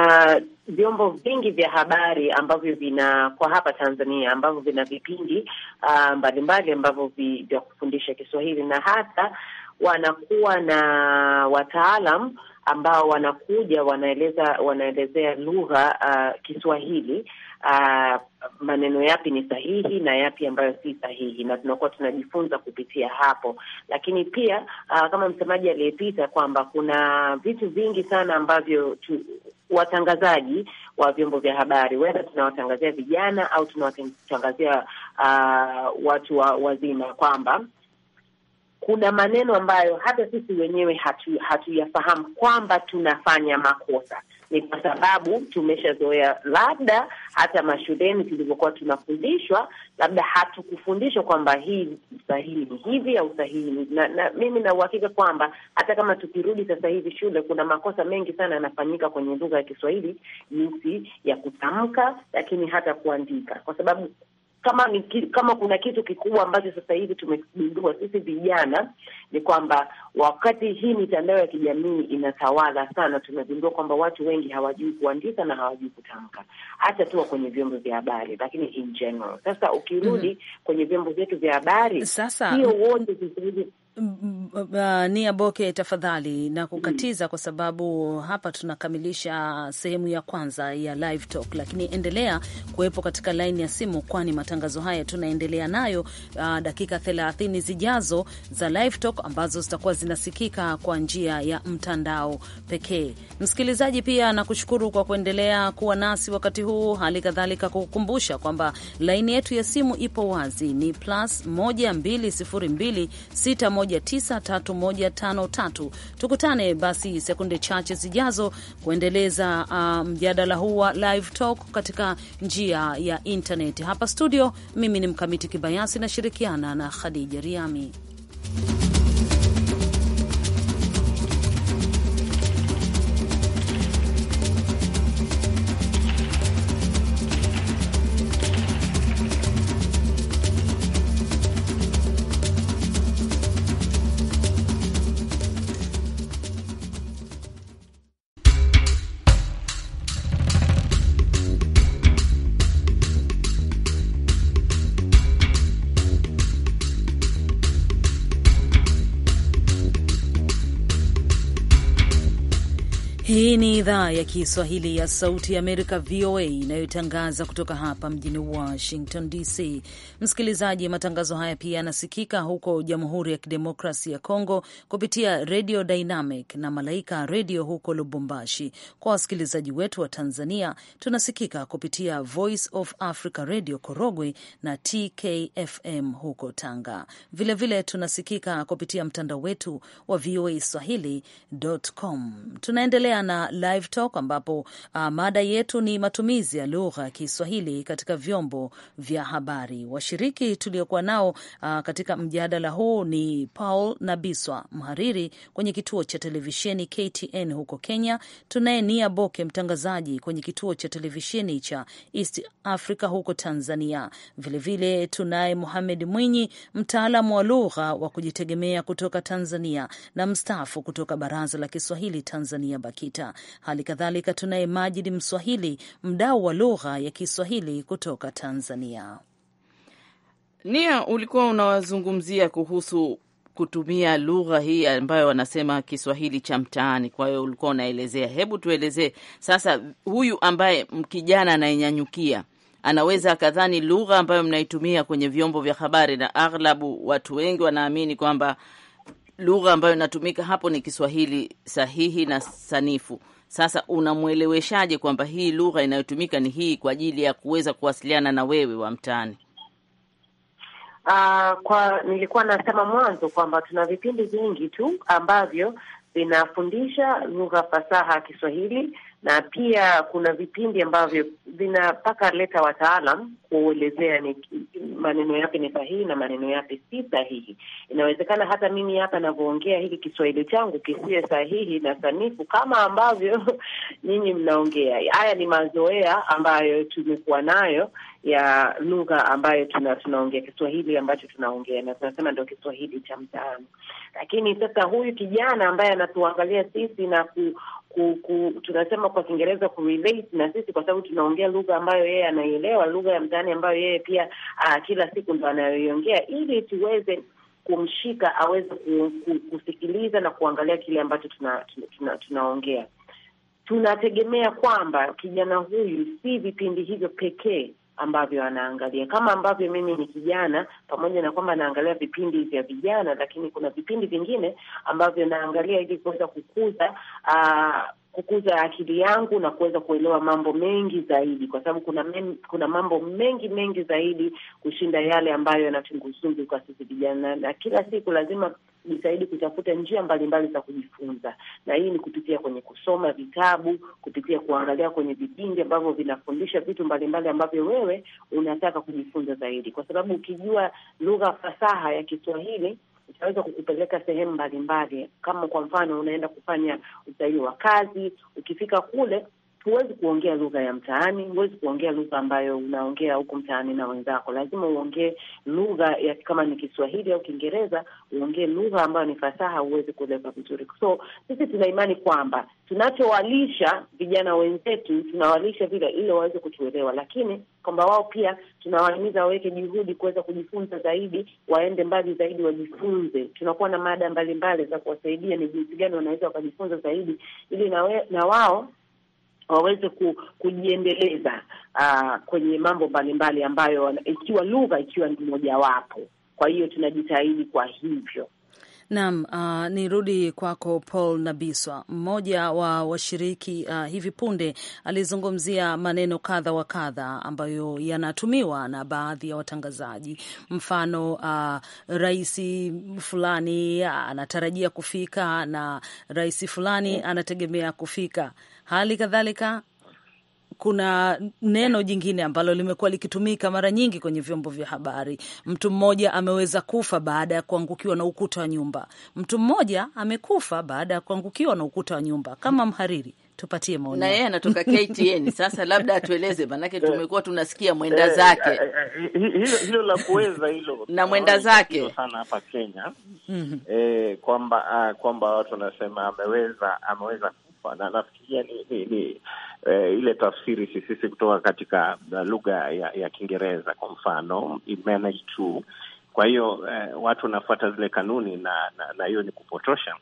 vyombo vingi vya habari ambavyo vina kwa hapa Tanzania ambavyo vina vipindi ah, mbalimbali ambavyo vya kufundisha Kiswahili na hata wanakuwa na wataalam ambao wanakuja wanaeleza wanaelezea lugha uh, Kiswahili Ah, maneno yapi ni sahihi na yapi ambayo si sahihi, na tunakuwa tunajifunza kupitia hapo. Lakini pia uh, kama msemaji aliyepita kwamba kuna vitu vingi sana ambavyo tu, watangazaji wa vyombo vya habari wedha tunawatangazia vijana au tunawatangazia uh, watu wa, wazima kwamba kuna maneno ambayo hata sisi wenyewe hatuyafahamu hatu kwamba tunafanya makosa ni kwa sababu tumeshazoea, labda hata mashuleni tulivyokuwa tunafundishwa, labda hatukufundishwa kwamba hii usahihi ni hivi au usahihi ni na, na mimi na uhakika kwamba hata kama tukirudi sasa hivi shule, kuna makosa mengi sana yanafanyika kwenye lugha ya Kiswahili, jinsi ya kutamka, lakini hata kuandika, kwa sababu kama kama kuna kitu kikubwa ambacho sasa hivi tumegundua sisi vijana ni kwamba wakati hii mitandao ya kijamii inatawala sana, tumegundua kwamba watu wengi hawajui kuandika na hawajui kutamka, hata tu kwenye vyombo vya habari, lakini in general. Sasa ukirudi mm -hmm. kwenye vyombo vyetu vya habari sasa, hiyo wote sasa hivi Uh, Nia Boke, tafadhali na kukatiza kwa sababu hapa tunakamilisha sehemu ya kwanza ya live talk, lakini endelea kuwepo katika laini ya simu, kwani matangazo haya tunaendelea nayo uh, dakika 30 zijazo za live talk ambazo zitakuwa zinasikika kwa njia ya mtandao pekee. Msikilizaji, pia nakushukuru kwa kuendelea kuwa nasi wakati huu, hali kadhalika kukukumbusha kwamba laini yetu ya simu ipo wazi, ni plus 12026 1931553. Tukutane basi sekunde chache zijazo kuendeleza mjadala um, huu wa live talk katika njia ya internet. Hapa studio, mimi ni Mkamiti Kibayasi, nashirikiana na Khadija Riami. Hii ni idhaa ya Kiswahili ya Sauti ya Amerika, VOA, inayotangaza kutoka hapa mjini Washington DC. Msikilizaji, matangazo haya pia yanasikika huko Jamhuri ya Kidemokrasi ya congo kupitia Radio Dynamic na Malaika Redio huko Lubumbashi. Kwa wasikilizaji wetu wa Tanzania, tunasikika kupitia Voice of Africa Redio Korogwe na TKFM huko Tanga. Vilevile vile tunasikika kupitia mtandao wetu wa voa swahili.com. Tunaendelea na Live Talk ambapo uh, mada yetu ni matumizi ya lugha ya Kiswahili katika vyombo vya habari. Washiriki tuliokuwa nao uh, katika mjadala huu ni Paul Nabiswa, mhariri kwenye kituo cha televisheni KTN huko Kenya, tunaye Nia Boke, mtangazaji kwenye kituo cha televisheni cha East Africa huko Tanzania. Vilevile tunaye Muhamed Mwinyi, mtaalamu wa lugha wa kujitegemea kutoka Tanzania na mstaafu kutoka Baraza la Kiswahili Tanzania, BAKI iliyopita. Hali kadhalika tunaye Majidi Mswahili, mdau wa lugha ya Kiswahili kutoka Tanzania. Nia, ulikuwa unawazungumzia kuhusu kutumia lugha hii ambayo wanasema Kiswahili cha mtaani. Kwa hiyo ulikuwa unaelezea, hebu tuelezee sasa, huyu ambaye kijana anayenyanyukia anaweza akadhani lugha ambayo mnaitumia kwenye vyombo vya habari, na aghlabu watu wengi wanaamini kwamba lugha ambayo inatumika hapo ni Kiswahili sahihi na sanifu. Sasa unamweleweshaje kwamba hii lugha inayotumika ni hii kwa ajili ya kuweza kuwasiliana na wewe wa mtaani? Uh, kwa nilikuwa nasema mwanzo kwamba tuna vipindi vingi tu ambavyo vinafundisha lugha fasaha ya Kiswahili na pia kuna vipindi ambavyo vinapaka leta wataalam kuelezea ni maneno yapi ni sahihi na maneno yapi si sahihi. Inawezekana hata mimi hapa navyoongea hiki Kiswahili changu kisiwe sahihi na sanifu kama ambavyo nyinyi mnaongea. Haya ni mazoea ambayo tumekuwa nayo ya lugha ambayo tuna tunaongea Kiswahili ambacho tunaongea na tunasema ndio Kiswahili cha mtaani. Lakini sasa huyu kijana ambaye anatuangalia sisi na ku, ku, ku tunasema kwa Kiingereza ku relate na sisi, kwa sababu tunaongea lugha ambayo yeye anaielewa, lugha ya mtaani fulani ambayo yeye pia uh, kila siku ndo anayoiongea ili tuweze kumshika aweze kusikiliza na kuangalia kile ambacho tunaongea tuna, tuna, tuna tunategemea kwamba kijana huyu si vipindi hivyo pekee ambavyo anaangalia, kama ambavyo mimi ni kijana, pamoja na kwamba naangalia vipindi vya vijana, lakini kuna vipindi vingine ambavyo naangalia ili kuweza kukuza uh, kukuza akili yangu na kuweza kuelewa mambo mengi zaidi, kwa sababu kuna men, kuna mambo mengi mengi zaidi kushinda yale ambayo yanatunguzungu kwa sisi vijana, na kila siku lazima jitahidi kutafuta njia mbalimbali za kujifunza, na hii ni kupitia kwenye kusoma vitabu, kupitia kuangalia kwenye vipindi ambavyo vinafundisha vitu mbalimbali ambavyo wewe unataka kujifunza zaidi, kwa sababu ukijua lugha fasaha ya Kiswahili utaweza kupeleka sehemu mbalimbali, kama kwa mfano unaenda kufanya usaili wa kazi, ukifika kule huwezi kuongea lugha ya mtaani, huwezi kuongea lugha ambayo unaongea huku mtaani na wenzako. Lazima uongee lugha ya kama ni Kiswahili au Kiingereza, uongee lugha ambayo ni fasaha, huwezi kuleva vizuri. So sisi tuna imani kwamba tunachowalisha vijana wenzetu tunawalisha vile ili waweze kutuelewa, lakini kwamba wao pia tunawahimiza waweke juhudi kuweza kujifunza zaidi, waende mbali zaidi, wajifunze. Tunakuwa na mada mbalimbali za kuwasaidia ni jinsi gani wanaweza wakajifunza zaidi, ili na, we, na wao waweze ku, kujiendeleza uh, kwenye mambo mbalimbali ambayo ikiwa lugha ikiwa ni mojawapo. Kwa hiyo tunajitahidi kwa hivyo. Naam, uh, nirudi kwako Paul Nabiswa, mmoja wa washiriki uh, hivi punde alizungumzia maneno kadha wa kadha ambayo yanatumiwa na baadhi ya watangazaji. Mfano uh, rais fulani anatarajia kufika na rais fulani anategemea kufika. Hali kadhalika kuna neno jingine ambalo limekuwa likitumika mara nyingi kwenye vyombo vya habari. Mtu mmoja ameweza kufa baada ya kuangukiwa na ukuta wa nyumba. Mtu mmoja amekufa baada ya kuangukiwa na ukuta wa nyumba. Kama mhariri, tupatie maoni. Na yeye anatoka KTN. Sasa labda atueleze, maanake eh, tumekuwa tunasikia mwenda eh, zake eh, hilo la kuweza hilo na mwenda zake sana hapa Kenya, mhm. kwamba ah, kwamba watu wanasema ameweza ameweza hapa, na nafikiria ni, ni, ni e, ile tafsiri sisi kutoka katika uh, lugha ya, ya Kiingereza kwa mfano to. Kwa hiyo e, watu wanafuata zile kanuni na na hiyo ni kupotosha,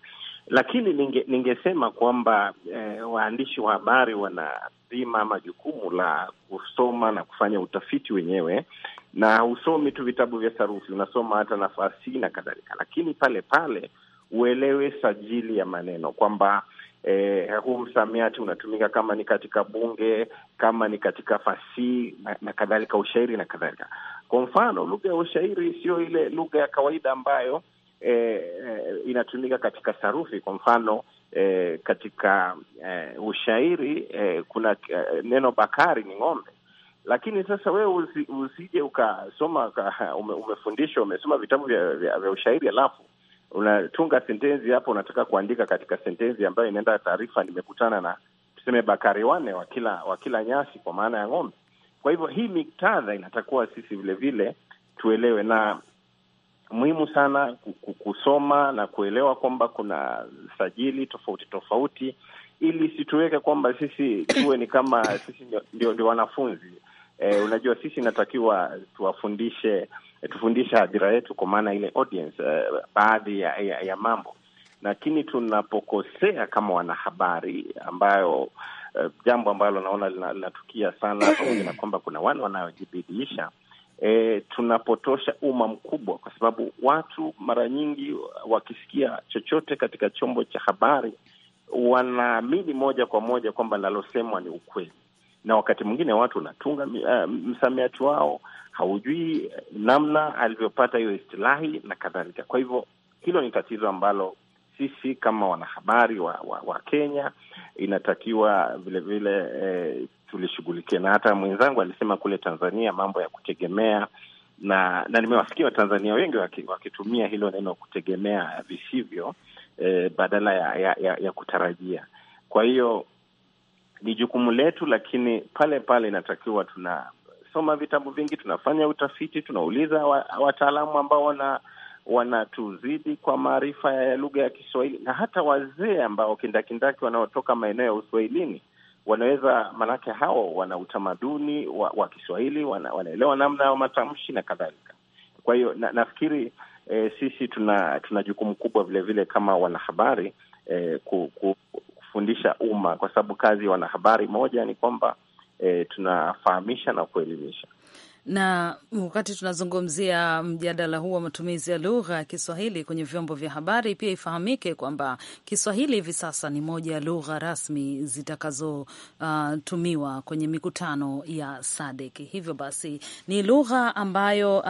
lakini ninge, ningesema kwamba e, waandishi wa habari wana dhima ama jukumu la kusoma na kufanya utafiti wenyewe na usomi tu vitabu vya sarufi, unasoma hata nafasi na kadhalika, lakini pale pale uelewe sajili ya maneno kwamba eh, huu msamiati unatumika kama ni katika bunge, kama ni katika fasihi na, na kadhalika, ushairi na kadhalika. Kwa mfano, lugha ya ushairi sio ile lugha ya kawaida ambayo eh, eh, inatumika katika sarufi. Kwa mfano eh, katika eh, ushairi eh, kuna eh, neno bakari ni ng'ombe lakini sasa wewe usije ukasoma ume, umefundishwa umesoma vitabu vya, vya, vya ushairi alafu unatunga sentensi hapo, unataka kuandika katika sentensi ambayo inaenda taarifa, nimekutana na tuseme bakari wane wakila wakila nyasi kwa maana ya ng'ombe. Kwa hivyo hii miktadha inatakuwa sisi vilevile tuelewe, na muhimu sana kusoma na kuelewa kwamba kuna sajili tofauti tofauti, ili situweke kwamba sisi tuwe ni kama sisi ndio, ndio, ndio wanafunzi E, unajua sisi inatakiwa tuwafundishe, eh, tufundishe hadhira yetu kwa maana ile audience e, baadhi ya, ya, ya mambo, lakini tunapokosea kama wanahabari ambayo e, jambo ambalo naona linatukia sana na kwamba kuna wale wanaojibidiisha E, tunapotosha umma mkubwa, kwa sababu watu mara nyingi wakisikia chochote katika chombo cha habari wanaamini moja kwa moja kwamba linalosemwa ni ukweli na wakati mwingine watu wanatunga uh, msamiati wao, haujui uh, namna alivyopata hiyo istilahi na kadhalika. Kwa hivyo hilo ni tatizo ambalo sisi kama wanahabari wa, wa, wa Kenya inatakiwa vilevile eh, tulishughulikia na hata mwenzangu alisema kule Tanzania mambo ya kutegemea na na nimewasikia Watanzania wengi wakitumia hilo neno kutegemea visivyo, eh, badala ya, ya, ya, ya kutarajia. Kwa hiyo ni jukumu letu, lakini pale pale inatakiwa tunasoma vitabu vingi, tunafanya utafiti, tunauliza wataalamu ambao wana wanatuzidi kwa maarifa ya lugha ya Kiswahili na hata wazee ambao kindakindaki wanaotoka maeneo ya uswahilini wanaweza, maanake hao wana utamaduni wa, wa Kiswahili, wana, wanaelewa namna ya matamshi na kadhalika. Kwa hiyo na, nafikiri eh, sisi tuna tuna jukumu kubwa vilevile kama wanahabari eh, ku, ku, kufundisha umma, kwa sababu kazi wanahabari moja ni kwamba e, tunafahamisha na kuelimisha na wakati tunazungumzia mjadala huu wa matumizi ya lugha ya Kiswahili kwenye vyombo vya habari, pia ifahamike kwamba Kiswahili hivi sasa ni moja ya lugha rasmi zitakazotumiwa uh, kwenye mikutano ya SADC. Hivyo basi ni lugha ambayo uh,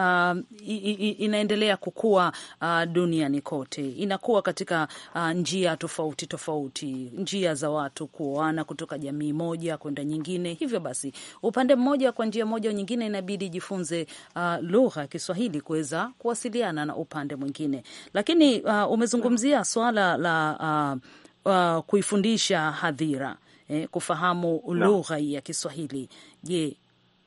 i, i, inaendelea kukua uh, duniani kote, inakuwa katika uh, njia tofauti tofauti, njia za watu kuoana kutoka jamii moja kwenda nyingine. Hivyo basi upande mmoja, kwa njia moja nyingine, inabidi inabidi ijifunze uh, lugha ya Kiswahili kuweza kuwasiliana na upande mwingine. Lakini uh, umezungumzia swala la uh, uh, kuifundisha hadhira eh, kufahamu lugha ya Kiswahili. Je,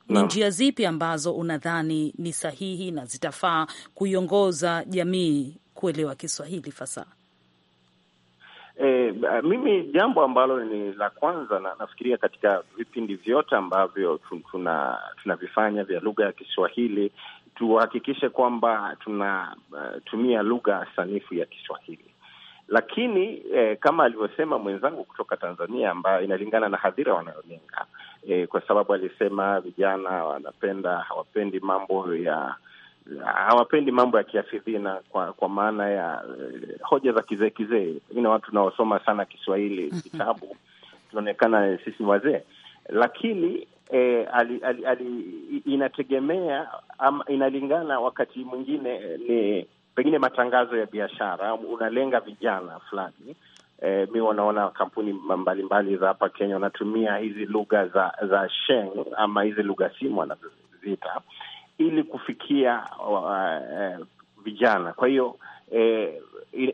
ni njia zipi ambazo unadhani ni sahihi na zitafaa kuiongoza jamii kuelewa Kiswahili fasaha? Eh, mimi jambo ambalo ni la kwanza na nafikiria katika vipindi vyote ambavyo tuna tunavifanya vya lugha ya Kiswahili tuhakikishe kwamba tunatumia eh, uh, lugha sanifu ya Kiswahili, lakini eh, kama alivyosema mwenzangu kutoka Tanzania ambayo inalingana na hadhira wanayolenga eh, kwa sababu alisema vijana wanapenda hawapendi mambo ya hawapendi mambo ya kiafidhina kwa kwa maana ya uh, hoja za kizee kizee. Pengine watu unaosoma sana Kiswahili mhm. kitabu tunaonekana sisi wazee, lakini eh, ali, ali, ali, inategemea ama inalingana, wakati mwingine eh, ni pengine matangazo ya biashara, unalenga vijana fulani eh, mi wanaona kampuni mbalimbali mbali za hapa Kenya wanatumia hizi lugha za za sheng ama hizi lugha simu wanazoziita ili kufikia uh, uh, vijana. Kwa hiyo eh,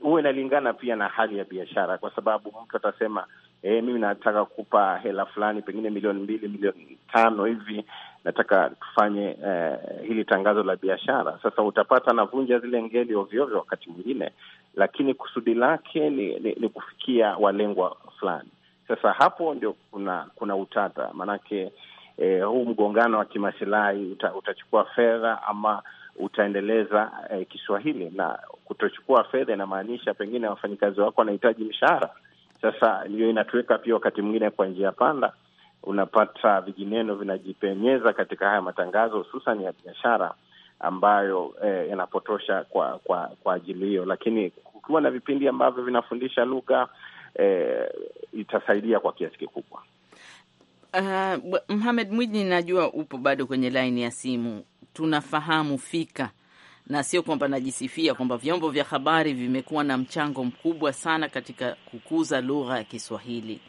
huwa eh, inalingana pia na hali ya biashara, kwa sababu mtu atasema eh, mimi nataka kupa hela fulani, pengine milioni mbili, milioni tano hivi, nataka tufanye eh, hili tangazo la biashara. Sasa utapata anavunja zile ngeli ovyoovyo wakati mwingine, lakini kusudi lake ni, ni, ni kufikia walengwa fulani. Sasa hapo ndio kuna kuna utata maanake eh, huu mgongano wa kimasilahi uta, utachukua fedha ama utaendeleza eh, Kiswahili. Na kutochukua fedha inamaanisha pengine wafanyikazi wako wanahitaji mshahara. Sasa ndiyo inatuweka pia wakati mwingine kwa njia panda, unapata vijineno vinajipenyeza katika haya matangazo hususan ya biashara ambayo eh, yanapotosha kwa kwa kwa ajili hiyo, lakini kukiwa na vipindi ambavyo vinafundisha lugha eh, itasaidia kwa kiasi kikubwa. Uh, Mohamed Mwinyi, najua upo bado kwenye laini ya simu. Tunafahamu fika na sio kwamba najisifia kwamba vyombo vya habari vimekuwa na mchango mkubwa sana katika kukuza lugha ya Kiswahili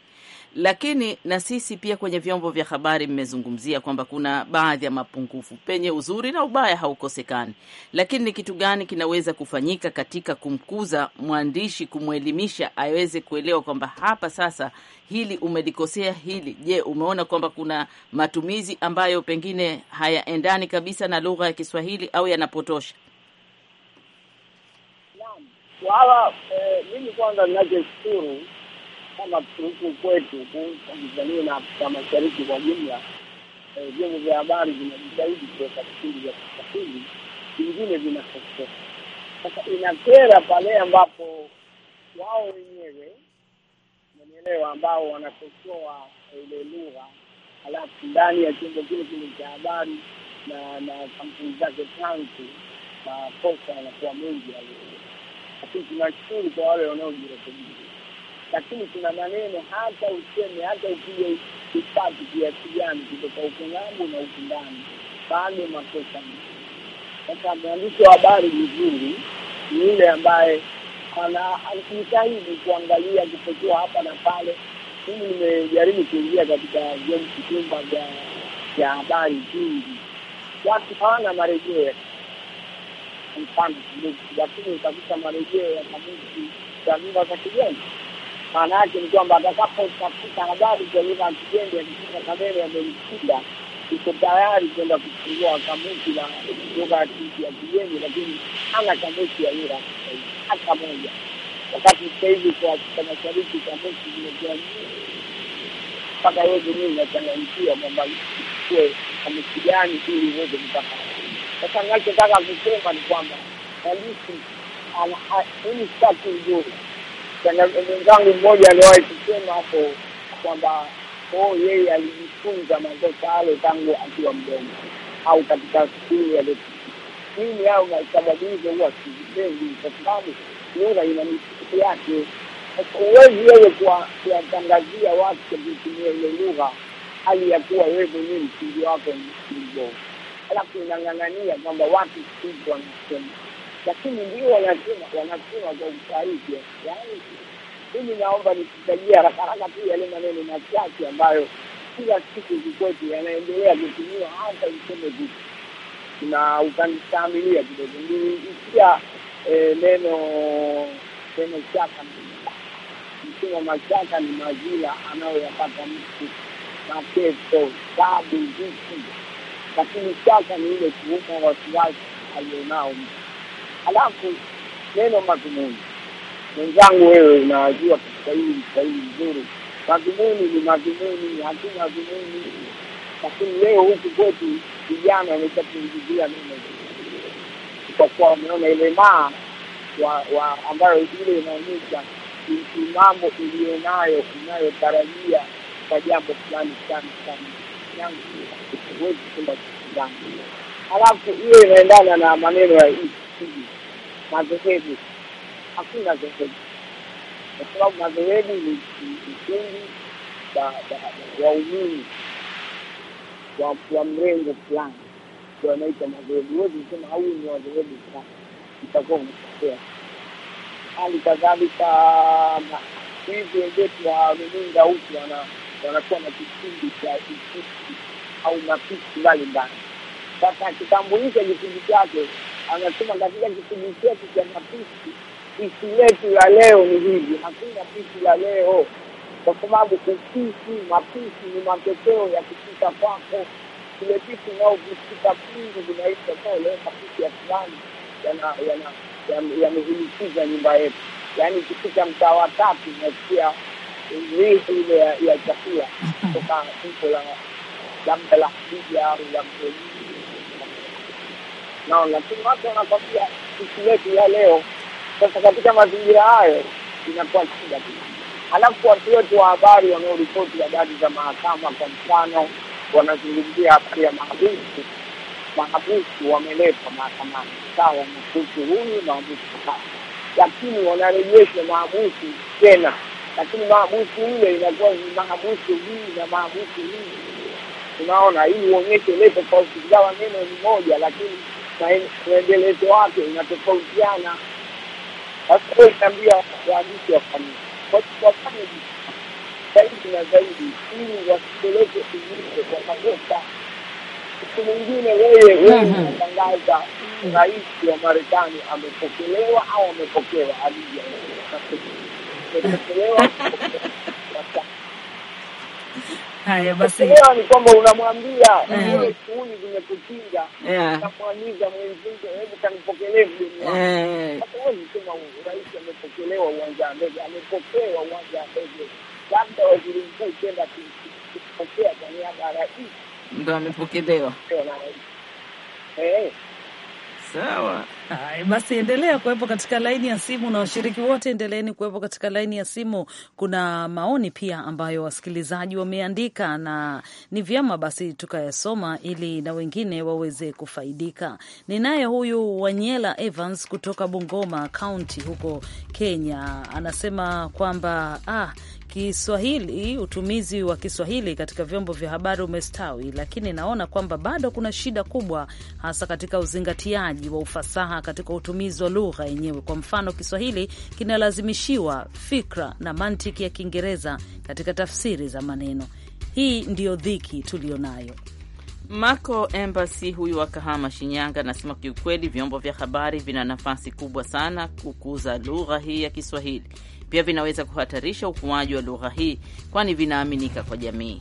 lakini na sisi pia kwenye vyombo vya habari mmezungumzia kwamba kuna baadhi ya mapungufu, penye uzuri na ubaya haukosekani, lakini ni kitu gani kinaweza kufanyika katika kumkuza mwandishi, kumwelimisha aweze kuelewa kwamba hapa sasa hili umelikosea hili. Je, umeona kwamba kuna matumizi ambayo pengine hayaendani kabisa na lugha ya Kiswahili au yanapotosha? Naam, wala eh, mimi kwanza ninachoshukuru kama huku kwetu Tanzania na Afrika Mashariki kwa jumla, eh, vyombo vya habari vinajitahidi kuweka vipindi vya kiswahili, vingine vinakosea Sasa inakera pale ambapo wao wenyewe mwenelewa ambao wanakosoa ile lugha halafu ndani ya chombo kile kile cha habari na na kampuni zake tangu makosa yanakuwa mengi. Lakini tunashukuru kwa wale wanaojirekebisha lakini kuna maneno hata useme hata ukija upati kiasi gani kutoka uko ng'ambo na uko ndani, bado makosa. Sasa mwandishi wa habari vizuri ni yule ambaye anajitahidi kuangalia kupekua hapa na pale. Mimi nimejaribu kuingia katika vyombo vyumba vya habari vingi, watu hawana marejeo mfano, lakini utakuta marejeo ya kamusi za nyumba za kijani maana yake ni kwamba atakapotafuta habari kwa Jeruma Kigenge akifika Kamere amemshinda, iko tayari kwenda kufungua kamusi la lugha ya Kigenge, lakini hana kamusi ya lugha hata moja, wakati sasa hivi kwa Afrika Mashariki kamusi zimekuwa nyingi mpaka yeye mwenyewe inachanganyikiwa kwamba iwe kamusi gani ili uweze kupata. Sasa nachotaka kusema ni kwamba halisi mimi sitaki ujumla mwenzangu mmoja aliwahi kusema hapo kwamba oh, yeye alijifunza makosa yale tangu akiwa mdogo au katika skuli ya mimi au sababu hizo huwa sizipendi kwa sababu lugha ina misiki yake. Huwezi wewe kuwatangazia watu kakitumia ile lugha hali ya kuwa wewe mwenyewe msingi wako ni mdogo, alafu inang'ang'ania kwamba watu siku wanasema lakini ndio wanasema wanasema kwa usahihi yaani mimi naomba nikitajia haraka haraka tu yale maneno machache ambayo kila siku kikwetu yanaendelea kutumiwa hata iseme vitu na ukanistamilia kidogo niliisikia eh, neno neno shaka msema mashaka ni mazila anayoyapata mtu mateso tabu vitu lakini shaka ni ile kuuma wasiwasi alionao mtu halafu neno madhumuni, mwenzangu, wewe unajua Kiswahili, Kiswahili vizuri. Madhumuni ni madhumuni, hakuna madhumuni Lakini leo huku kwetu vijana wameshapunguzia neno kwa kuwa wameona ile maa wa, wa ambayo ile inaonyesha msimamo iliyonayo inayotarajia kwa jambo fulani fulani fulani yangu huwezi kwenda Halafu hiyo inaendana na maneno ya hii madhehebu. Hakuna dhehebu, kwa sababu madhehebu ni vikundi waumini wa mrengo fulani ndio wanaita madhehebu. Huwezi kusema au ni madhehebu fulani, itakuwa umekosea. Hali kadhalika hizi wenzetu wa runinga huku wanakuwa na kipindi cha ikisi au mapisi mbalimbali. Sasa akitambulisha kipindi chake anasema katika kipindi chetu cha mapishi pishi letu la leo ni hivi hakuna pishi la leo kwa sababu kupishi mapishi ni matokeo ya kupika kwako kile vitu unaovisika vingi vinaisha kao leo mapishi ya fulani yamehimikiza nyumba yetu yaani ukifika mtaa wa tatu unasikia rihi ile ya chakula kutoka tuko la labda la kija au la mtojii naona, lakini watu wanakwambia siku yetu ya leo. Sasa katika mazingira hayo inakuwa shida tu. Halafu watu wetu wa habari wanaoripoti habari za mahakama, kwa mfano, wanazungumzia habari ya mahabusu. Mahabusu wameletwa mahakamani, sawa, mshukiwa huyu na mshukiwa, lakini wanarejeshwa mahabusu tena lakini maabusu ile inakuwa ni maabusu hii na maabusu hii. Unaona, ili uonyeshe ile tofauti, ingawa neno ni moja, lakini maendelezo wake unatofautiana Sasa inaambia waandishi wa kanuni wafanye zaidi na zaidi, ili wasipeleke ujumbe kwa makosa. Mtu mwingine yeye wewe mhm. unatangaza rais wa Marekani amepokelewa au amepokewa alija amepokelewa Haya basi, ni kwamba unamwambia eh. wewe, shughuli zimekuchinja, unamwamiza eh. mwenzio, hebu kanipokelee vile. Eh. Sasa wewe sema rais amepokelewa uwanja wa ndege, amepokewa uwanja wa ndege, labda waziri mkuu kenda kupokea kwa niaba ya rais, ndo amepokelewa Sawa. Hai, basi endelea kuwepo katika laini ya simu na washiriki wote endeleeni kuwepo katika laini ya simu. Kuna maoni pia ambayo wasikilizaji wameandika na ni vyema basi tukayasoma ili na wengine waweze kufaidika. Ninaye huyu Wanyela Evans kutoka Bungoma kaunti huko Kenya anasema kwamba ah, Kiswahili, utumizi wa Kiswahili katika vyombo vya habari umestawi, lakini naona kwamba bado kuna shida kubwa, hasa katika uzingatiaji wa ufasaha katika utumizi wa lugha yenyewe. Kwa mfano, Kiswahili kinalazimishiwa fikra na mantiki ya Kiingereza katika tafsiri za maneno. Hii ndiyo dhiki tuliyonayo. Mako Embassy huyu wa Kahama, Shinyanga, anasema kiukweli vyombo vya habari vina nafasi kubwa sana kukuza lugha hii ya Kiswahili pia vinaweza kuhatarisha ukuaji wa lugha hii, kwani vinaaminika kwa jamii.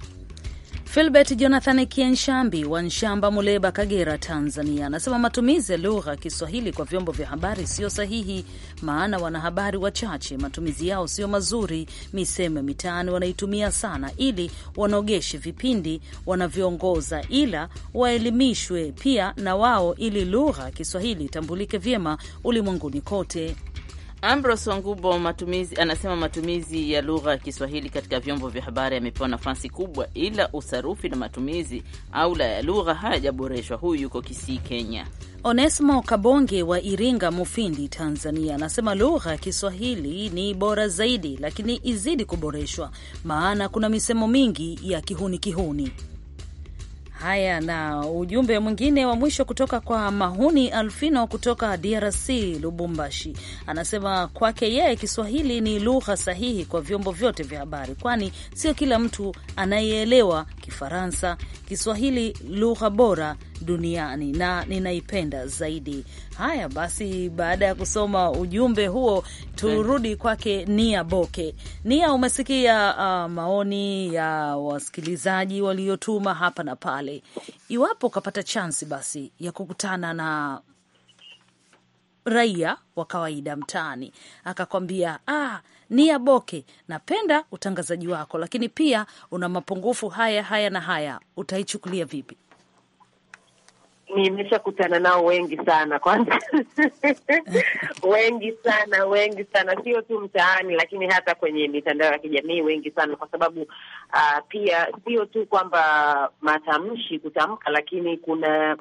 Filbert Jonathan Kienshambi wa Nshamba, Muleba, Kagera, Tanzania, anasema matumizi ya lugha ya Kiswahili kwa vyombo vya habari siyo sahihi, maana wanahabari wachache matumizi yao siyo mazuri. Misemo ya mitaani wanaitumia sana ili wanogeshe vipindi wanavyoongoza, ila waelimishwe pia na wao ili lugha ya Kiswahili itambulike vyema ulimwenguni kote. Ambros Wangubo matumizi, anasema matumizi ya lugha ya Kiswahili katika vyombo vya habari yamepewa nafasi kubwa, ila usarufi na matumizi au la ya lugha hayajaboreshwa. Huyu yuko Kisii, Kenya. Onesmo Kabonge wa Iringa, Mufindi, Tanzania, anasema lugha ya Kiswahili ni bora zaidi, lakini izidi kuboreshwa, maana kuna misemo mingi ya kihuni kihuni. Haya, na ujumbe mwingine wa mwisho kutoka kwa Mahuni Alfino kutoka DRC, Lubumbashi, anasema kwake yeye Kiswahili ni lugha sahihi kwa vyombo vyote vya habari, kwani sio kila mtu anayeelewa Kifaransa. Kiswahili lugha bora duniani na ninaipenda zaidi. Haya basi, baada ya kusoma ujumbe huo turudi kwake Nia Boke. Nia, umesikia uh, maoni ya wasikilizaji waliotuma hapa na pale. Iwapo ukapata chansi basi ya kukutana na raia wa kawaida mtaani akakwambia, ah, Nia Boke, napenda utangazaji wako, lakini pia una mapungufu haya haya na haya, utaichukulia vipi? nimeshakutana nao wengi sana kwanza wengi sana wengi sana, sio tu mtaani, lakini hata kwenye mitandao ya kijamii wengi sana, kwa sababu uh, pia sio tu kwamba matamshi kutamka, lakini kuna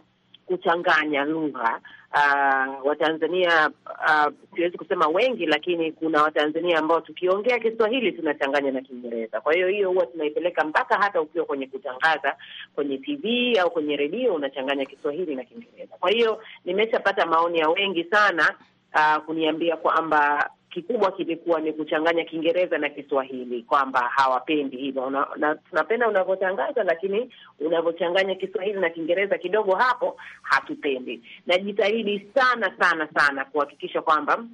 kuchanganya lugha uh, Watanzania ah, siwezi kusema wengi, lakini kuna Watanzania ambao tukiongea Kiswahili tunachanganya na Kiingereza. Kwa hiyo hiyo huwa tunaipeleka mpaka hata ukiwa kwenye kutangaza kwenye TV au kwenye redio unachanganya Kiswahili na Kiingereza. Kwa hiyo nimeshapata maoni ya wengi sana uh, kuniambia kwamba kikubwa kilikuwa ni kuchanganya Kiingereza na Kiswahili, kwamba hawapendi hivyo Tunapenda unavyotangaza, lakini unavyochanganya Kiswahili na Kiingereza kidogo, hapo hatupendi. Najitahidi sana sana sana kuhakikisha kwamba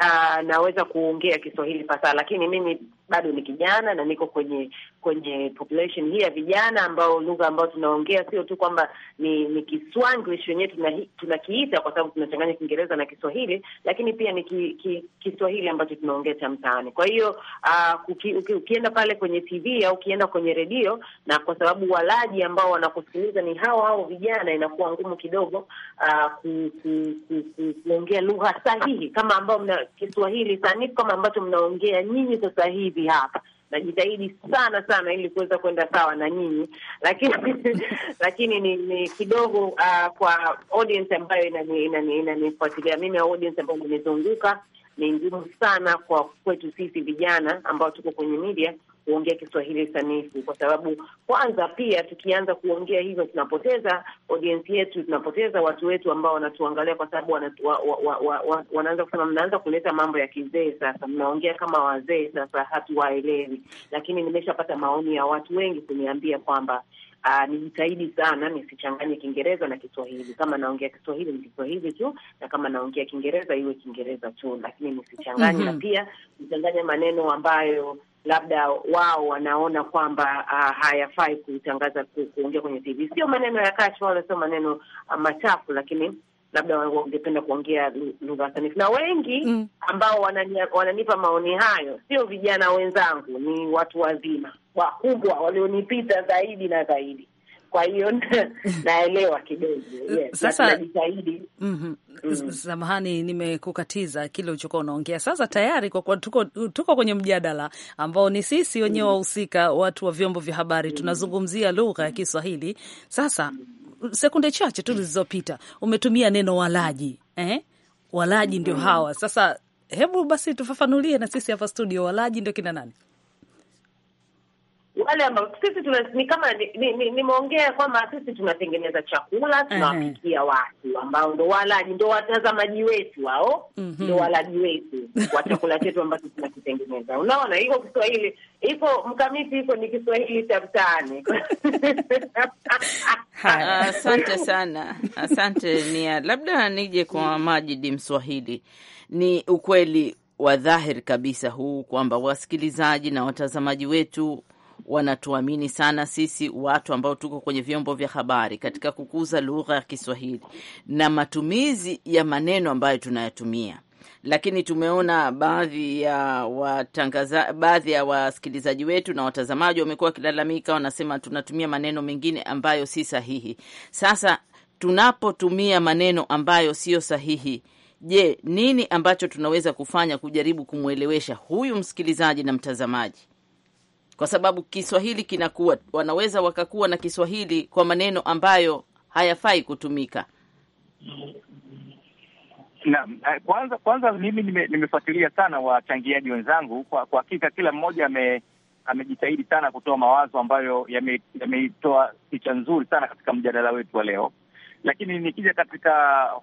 Uh, naweza kuongea Kiswahili fasaha, lakini mimi bado ni kijana na niko kwenye kwenye population hii ya vijana ambao lugha ambayo tunaongea sio tu kwamba ni ni Kiswanglish wenyewe tunakiita kwa sababu tunachanganya Kiingereza na Kiswahili, lakini pia ni ki, ki, Kiswahili ambacho tunaongea cha mtaani. Kwa hiyo uh, ah, uki, uki, ukienda pale kwenye TV au ukienda kwenye redio, na kwa sababu walaji ambao wanakusikiliza ni hao hao vijana, inakuwa ngumu kidogo ah, kuongea uh, lugha sahihi kama ambao mna Kiswahili sanifu kama ambacho mnaongea nyinyi sasa hivi hivi hapa najitahidi sana sana ili kuweza kwenda sawa na nyinyi, lakini lakini ni, ni kidogo uh, kwa audience ambayo inanifuatilia mimi, audience ambayo nimezunguka ni ngumu sana kwa kwetu sisi vijana ambao tuko kwenye media kuongea Kiswahili sanifu, kwa sababu kwanza, pia tukianza kuongea hivyo tunapoteza audience yetu, tunapoteza watu wetu ambao wanatuangalia, kwa sababu wanaanza wa, wa, wa, wa, wanaanza kusema mnaanza kuleta mambo ya kizee sasa, mnaongea kama wazee sasa, hatuwaelewi. Lakini nimeshapata maoni ya watu wengi kuniambia kwamba uh, ah, nijitahidi sana nisichanganye Kiingereza na Kiswahili. Kama naongea Kiswahili ni Kiswahili tu, na kama naongea Kiingereza iwe Kiingereza tu, lakini nisichanganye mm -hmm. na pia nichanganye maneno ambayo labda wao wanaona kwamba uh, hayafai kutangaza kuongea kwenye TV. Sio maneno ya kashfa wala sio maneno uh, machafu, lakini labda wangependa kuongea lugha sanifu. Na wengi mm. ambao wananipa maoni hayo sio vijana wenzangu, ni watu wazima wakubwa walionipita zaidi na zaidi. Kwa hiyo naelewa kidogo, yes, najitahidi. Mhm. Mm. Samahani, nimekukatiza kile ulichokuwa unaongea. Sasa tayari kwa kuwa tuko, tuko kwenye mjadala ambao ni sisi wenyewe wahusika, watu wa vyombo vya habari, mm. tunazungumzia lugha ya Kiswahili sasa sekunde chache tu mm. zilizopita umetumia neno walaji eh? Walaji ndio mm. hawa sasa. Hebu basi tufafanulie na sisi hapa studio, walaji ndio kina nani? wale ambao sisi tuna, ni kama nimeongea ni, kwamba sisi tunatengeneza chakula tunawapikia watu ambao ndo walaji ndo watazamaji wetu wao mm -hmm. ndo walaji wetu wa chakula chetu ambacho tunakitengeneza. Unaona, iko Kiswahili iko mkamiti iko ni Kiswahili cha mtaani. Ah, asante sana, asante nia. Labda nije kwa Majidi Mswahili, ni ukweli wa dhahiri kabisa huu kwamba wasikilizaji na watazamaji wetu wanatuamini sana sisi watu ambao tuko kwenye vyombo vya habari katika kukuza lugha ya Kiswahili na matumizi ya maneno ambayo tunayatumia lakini tumeona baadhi ya watangaza, baadhi ya wasikilizaji wetu na watazamaji wamekuwa wakilalamika, wanasema tunatumia maneno mengine ambayo si sahihi. Sasa tunapotumia maneno ambayo siyo sahihi, je, nini ambacho tunaweza kufanya kujaribu kumwelewesha huyu msikilizaji na mtazamaji kwa sababu Kiswahili kinakuwa, wanaweza wakakuwa na Kiswahili kwa maneno ambayo hayafai kutumika. Naam, eh, kwanza kwanza mimi nime, nimefuatilia sana wachangiaji wenzangu. Kwa hakika kila mmoja ame, amejitahidi sana kutoa mawazo ambayo yameitoa yame picha nzuri sana katika mjadala wetu wa leo, lakini nikija katika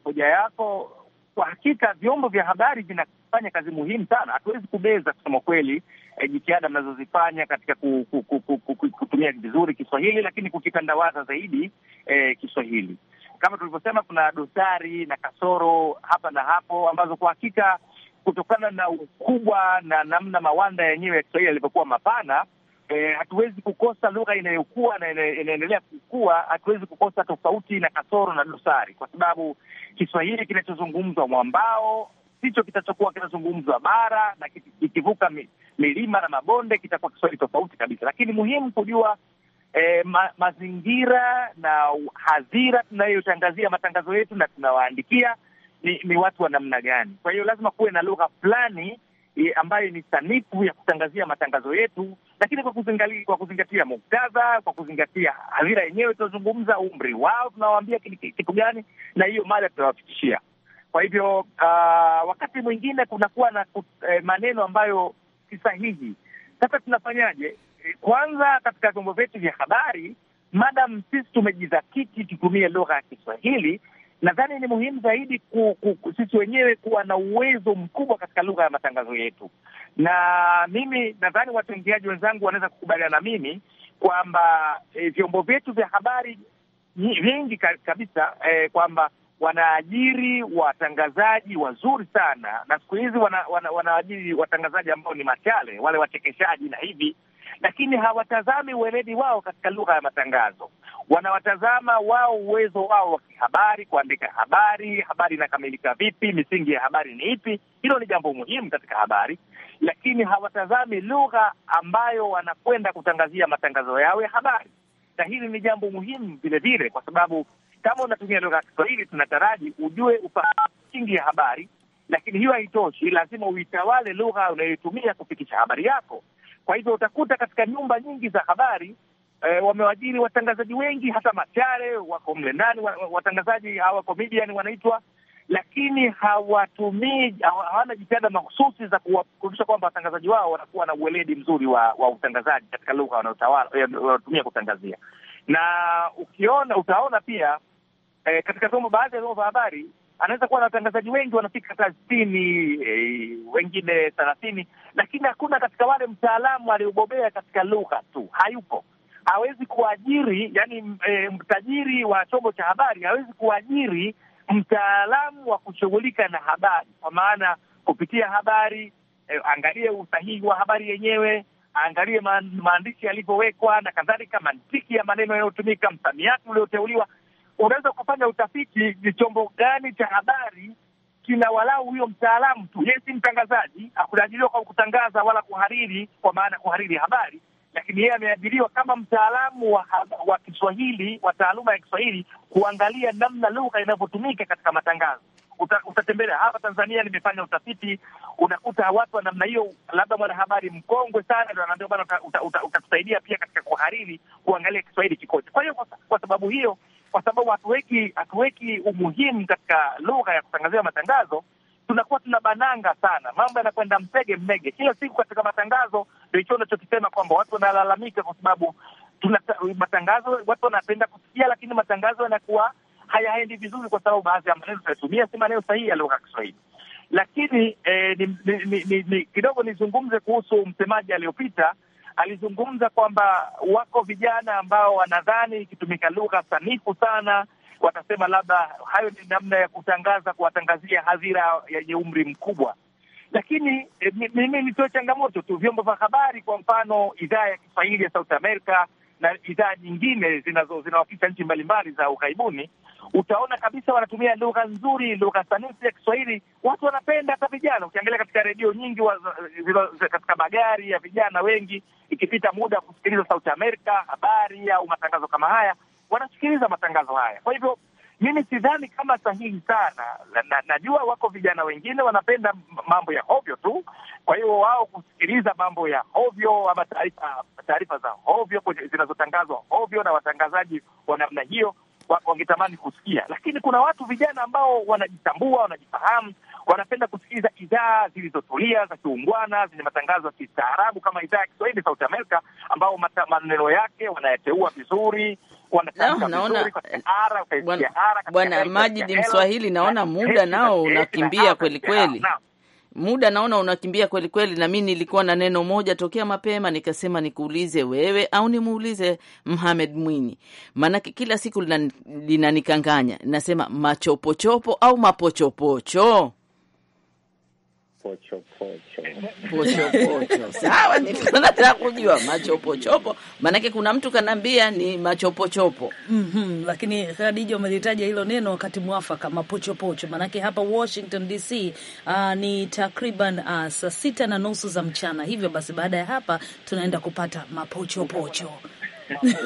hoja yako, kwa hakika vyombo vya habari vinafanya kazi muhimu sana. Hatuwezi kubeza kusema kweli eh, jitihada mnazozifanya katika ku, ku, ku, ku, ku, kutumia vizuri Kiswahili, lakini kukitandawaza zaidi eh, Kiswahili. Kama tulivyosema, kuna dosari na kasoro hapa na hapo ambazo kwa hakika kutokana na ukubwa na namna mawanda yenyewe ya Kiswahili yalivyokuwa mapana eh, hatuwezi kukosa lugha inayokuwa na inaendelea kukua, hatuwezi kukosa tofauti na kasoro na dosari, kwa sababu Kiswahili kinachozungumzwa mwambao ndicho kitachokuwa kinazungumzwa bara na kikivuka milima na mabonde, kitakuwa Kiswahili tofauti kabisa, lakini muhimu kujua eh, ma, mazingira na hadhira tunayotangazia matangazo yetu na tunawaandikia ni, ni watu wa namna gani. Kwa hiyo lazima kuwe na lugha fulani ambayo ni sanifu ya kutangazia matangazo yetu, lakini kwa kuzingatia, kwa kuzingatia muktadha, kwa kuzingatia hadhira yenyewe tunazungumza, umri wao, tunawaambia kitu gani, na hiyo mada tunawafikishia. Kwa hivyo uh, wakati mwingine kunakuwa na eh, maneno ambayo si sahihi. Sasa tunafanyaje? Eh, kwanza katika vyombo vyetu vya habari, madam sisi tumejizakiti tutumie lugha ya Kiswahili, nadhani ni muhimu zaidi ku, ku, sisi wenyewe kuwa na uwezo mkubwa katika lugha ya matangazo yetu, na mimi nadhani watengiaji wenzangu wanaweza kukubaliana na mimi kwamba eh, vyombo vyetu vya habari vingi kabisa eh, kwamba wanaajiri watangazaji wazuri sana, na siku hizi wana, wana, wanaajiri watangazaji ambao ni machale wale wachekeshaji na hivi, lakini hawatazami ueledi wao katika lugha ya matangazo. Wanawatazama wao uwezo wao wa kihabari, kuandika habari, habari inakamilika vipi, misingi ya habari ni ipi. Hilo ni jambo muhimu katika habari, lakini hawatazami lugha ambayo wanakwenda kutangazia matangazo yao ya habari, na hili ni jambo muhimu vilevile, kwa sababu kama unatumia lugha ya Kiswahili tunataraji ujue ufahamu msingi ya habari, lakini hiyo haitoshi. Lazima uitawale lugha unayoitumia kufikisha habari yako. Kwa hivyo utakuta katika nyumba nyingi za habari e, wamewajiri watangazaji wengi, hata machare wako mle ndani, watangazaji hawa comedian wanaitwa, lakini hawatumii hawana jitihada mahususi za kuhakikisha kwamba watangazaji wao wanakuwa na uweledi mzuri wa, wa utangazaji katika lugha wanayotumia eh, kutangazia, na ukiona utaona pia eh, katika vyombo baadhi ya vyombo vya habari anaweza kuwa na watangazaji wengi wanafika hata sitini, eh, wengine thelathini, lakini hakuna katika wale mtaalamu aliobobea katika lugha tu, hayupo. Hawezi kuajiri yani, e, mtajiri wa chombo cha habari hawezi kuajiri mtaalamu wa kushughulika na habari, kwa maana kupitia habari e, angalie usahihi wa habari yenyewe, angalie maandishi yalivyowekwa na kadhalika, mantiki ya maneno yanayotumika, msamiati ulioteuliwa unaweza kufanya utafiti, ni chombo gani cha habari kina walau huyo mtaalamu tu, yeye si mtangazaji, akuajiriwa kwa kutangaza wala kuhariri, kwa maana kuhariri habari, lakini yeye ameajiriwa kama mtaalamu wa, wa Kiswahili, wa taaluma ya Kiswahili, kuangalia namna lugha inavyotumika katika matangazo. Uta, utatembelea hapa Tanzania, nimefanya utafiti, unakuta watu wa namna hiyo, labda mwanahabari mkongwe sana ndio anaambia bwana, utatusaidia uta, uta, uta pia katika kuhariri, kuangalia Kiswahili kikoje. Kwa hiyo kwa, kwa sababu hiyo kwa sababu hatuweki hatuweki umuhimu katika lugha ya kutangazia matangazo, tunakuwa tunabananga sana, mambo yanakwenda mpege mmege kila siku katika matangazo. Ndio hicho unachokisema kwamba watu wanalalamika kwa sababu tuna matangazo, watu wanapenda kusikia, lakini matangazo yanakuwa hayaendi vizuri, kwa sababu baadhi ya maneno tunatumia si maneno sahihi ya lugha ya Kiswahili. Lakini eh, ni, ni, ni, ni, ni, kidogo nizungumze kuhusu msemaji aliyopita alizungumza kwamba wako vijana ambao wanadhani ikitumika lugha sanifu sana watasema labda hayo ni namna ya kutangaza, kuwatangazia hadhira yenye umri mkubwa. Lakini eh, mimi nitoe changamoto tu, vyombo vya habari, kwa mfano idhaa ya Kiswahili ya Sauti Amerika na idhaa nyingine zinazo nchi mbalimbali za ughaibuni utaona kabisa wanatumia lugha nzuri, lugha sanifu ya Kiswahili, watu wanapenda. Hata vijana ukiangalia katika redio nyingi wa, katika magari ya vijana wengi, ikipita muda wa kusikiliza Sauti Amerika habari au matangazo kama haya, wanasikiliza matangazo haya. Kwa hivyo mimi sidhani kama sahihi sana na, najua wako vijana wengine wanapenda mambo ya hovyo tu. Kwa hiyo wao kusikiliza mambo ya hovyo ama taarifa taarifa za hovyo zinazotangazwa hovyo na watangazaji wa namna hiyo, wangetamani kusikia, lakini kuna watu vijana ambao wanajitambua, wanajifahamu, wanapenda kusikiliza idhaa zilizotulia za kiungwana zenye matangazo ya kistaarabu kama idhaa ya Kiswahili Sauti Amerika, ambao maneno yake wanayateua vizuri Bwana Majidi Mswahili, naona muda nao unakimbia kweli kweli Muda naona unakimbia kweli kweli, na mi nilikuwa na neno moja tokea mapema, nikasema nikuulize wewe au nimuulize mhamed Mwinyi, maanake kila siku linanikanganya. Nasema machopochopo au mapochopocho Pochopocho, pochopocho. Sawa, nataka kujua machopochopo, maanake kuna mtu kanaambia ni machopochopo mm -hmm. Lakini Khadija, umelitaja hilo neno wakati mwafaka, mapochopocho, maanake hapa Washington DC uh, ah, ni takriban uh, saa sita na nusu za mchana. Hivyo basi, baada ya hapa tunaenda kupata mapochopocho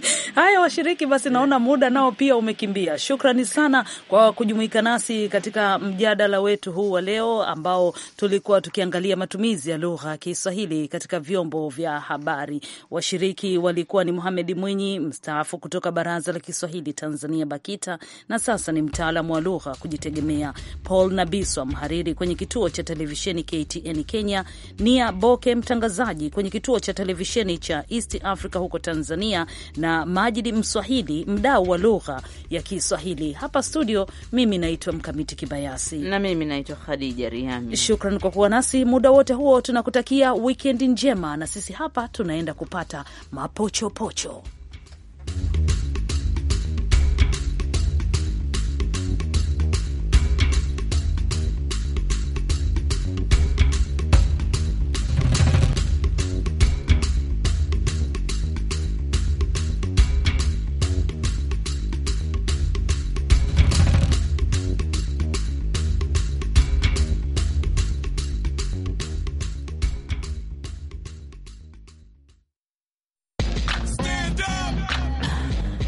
Haya, washiriki, basi naona muda nao pia umekimbia. Shukrani sana kwa kujumuika nasi katika mjadala wetu huu wa leo ambao tulikuwa tukiangalia matumizi ya lugha ya Kiswahili katika vyombo vya habari. Washiriki walikuwa ni Muhamed Mwinyi, mstaafu kutoka Baraza la Kiswahili Tanzania, BAKITA, na sasa ni mtaalamu wa lugha kujitegemea; Paul Nabiswa, mhariri kwenye kituo cha televisheni KTN Kenya; Nia Boke, mtangazaji kwenye kituo cha televisheni cha East Africa huko Tanzania na na Majidi Mswahili, mdau wa lugha ya Kiswahili. Hapa studio, mimi naitwa Mkamiti Kibayasi na mimi naitwa Khadija Riami. Shukran kwa kuwa nasi muda wote huo, tunakutakia wikendi njema, na sisi hapa tunaenda kupata mapochopocho.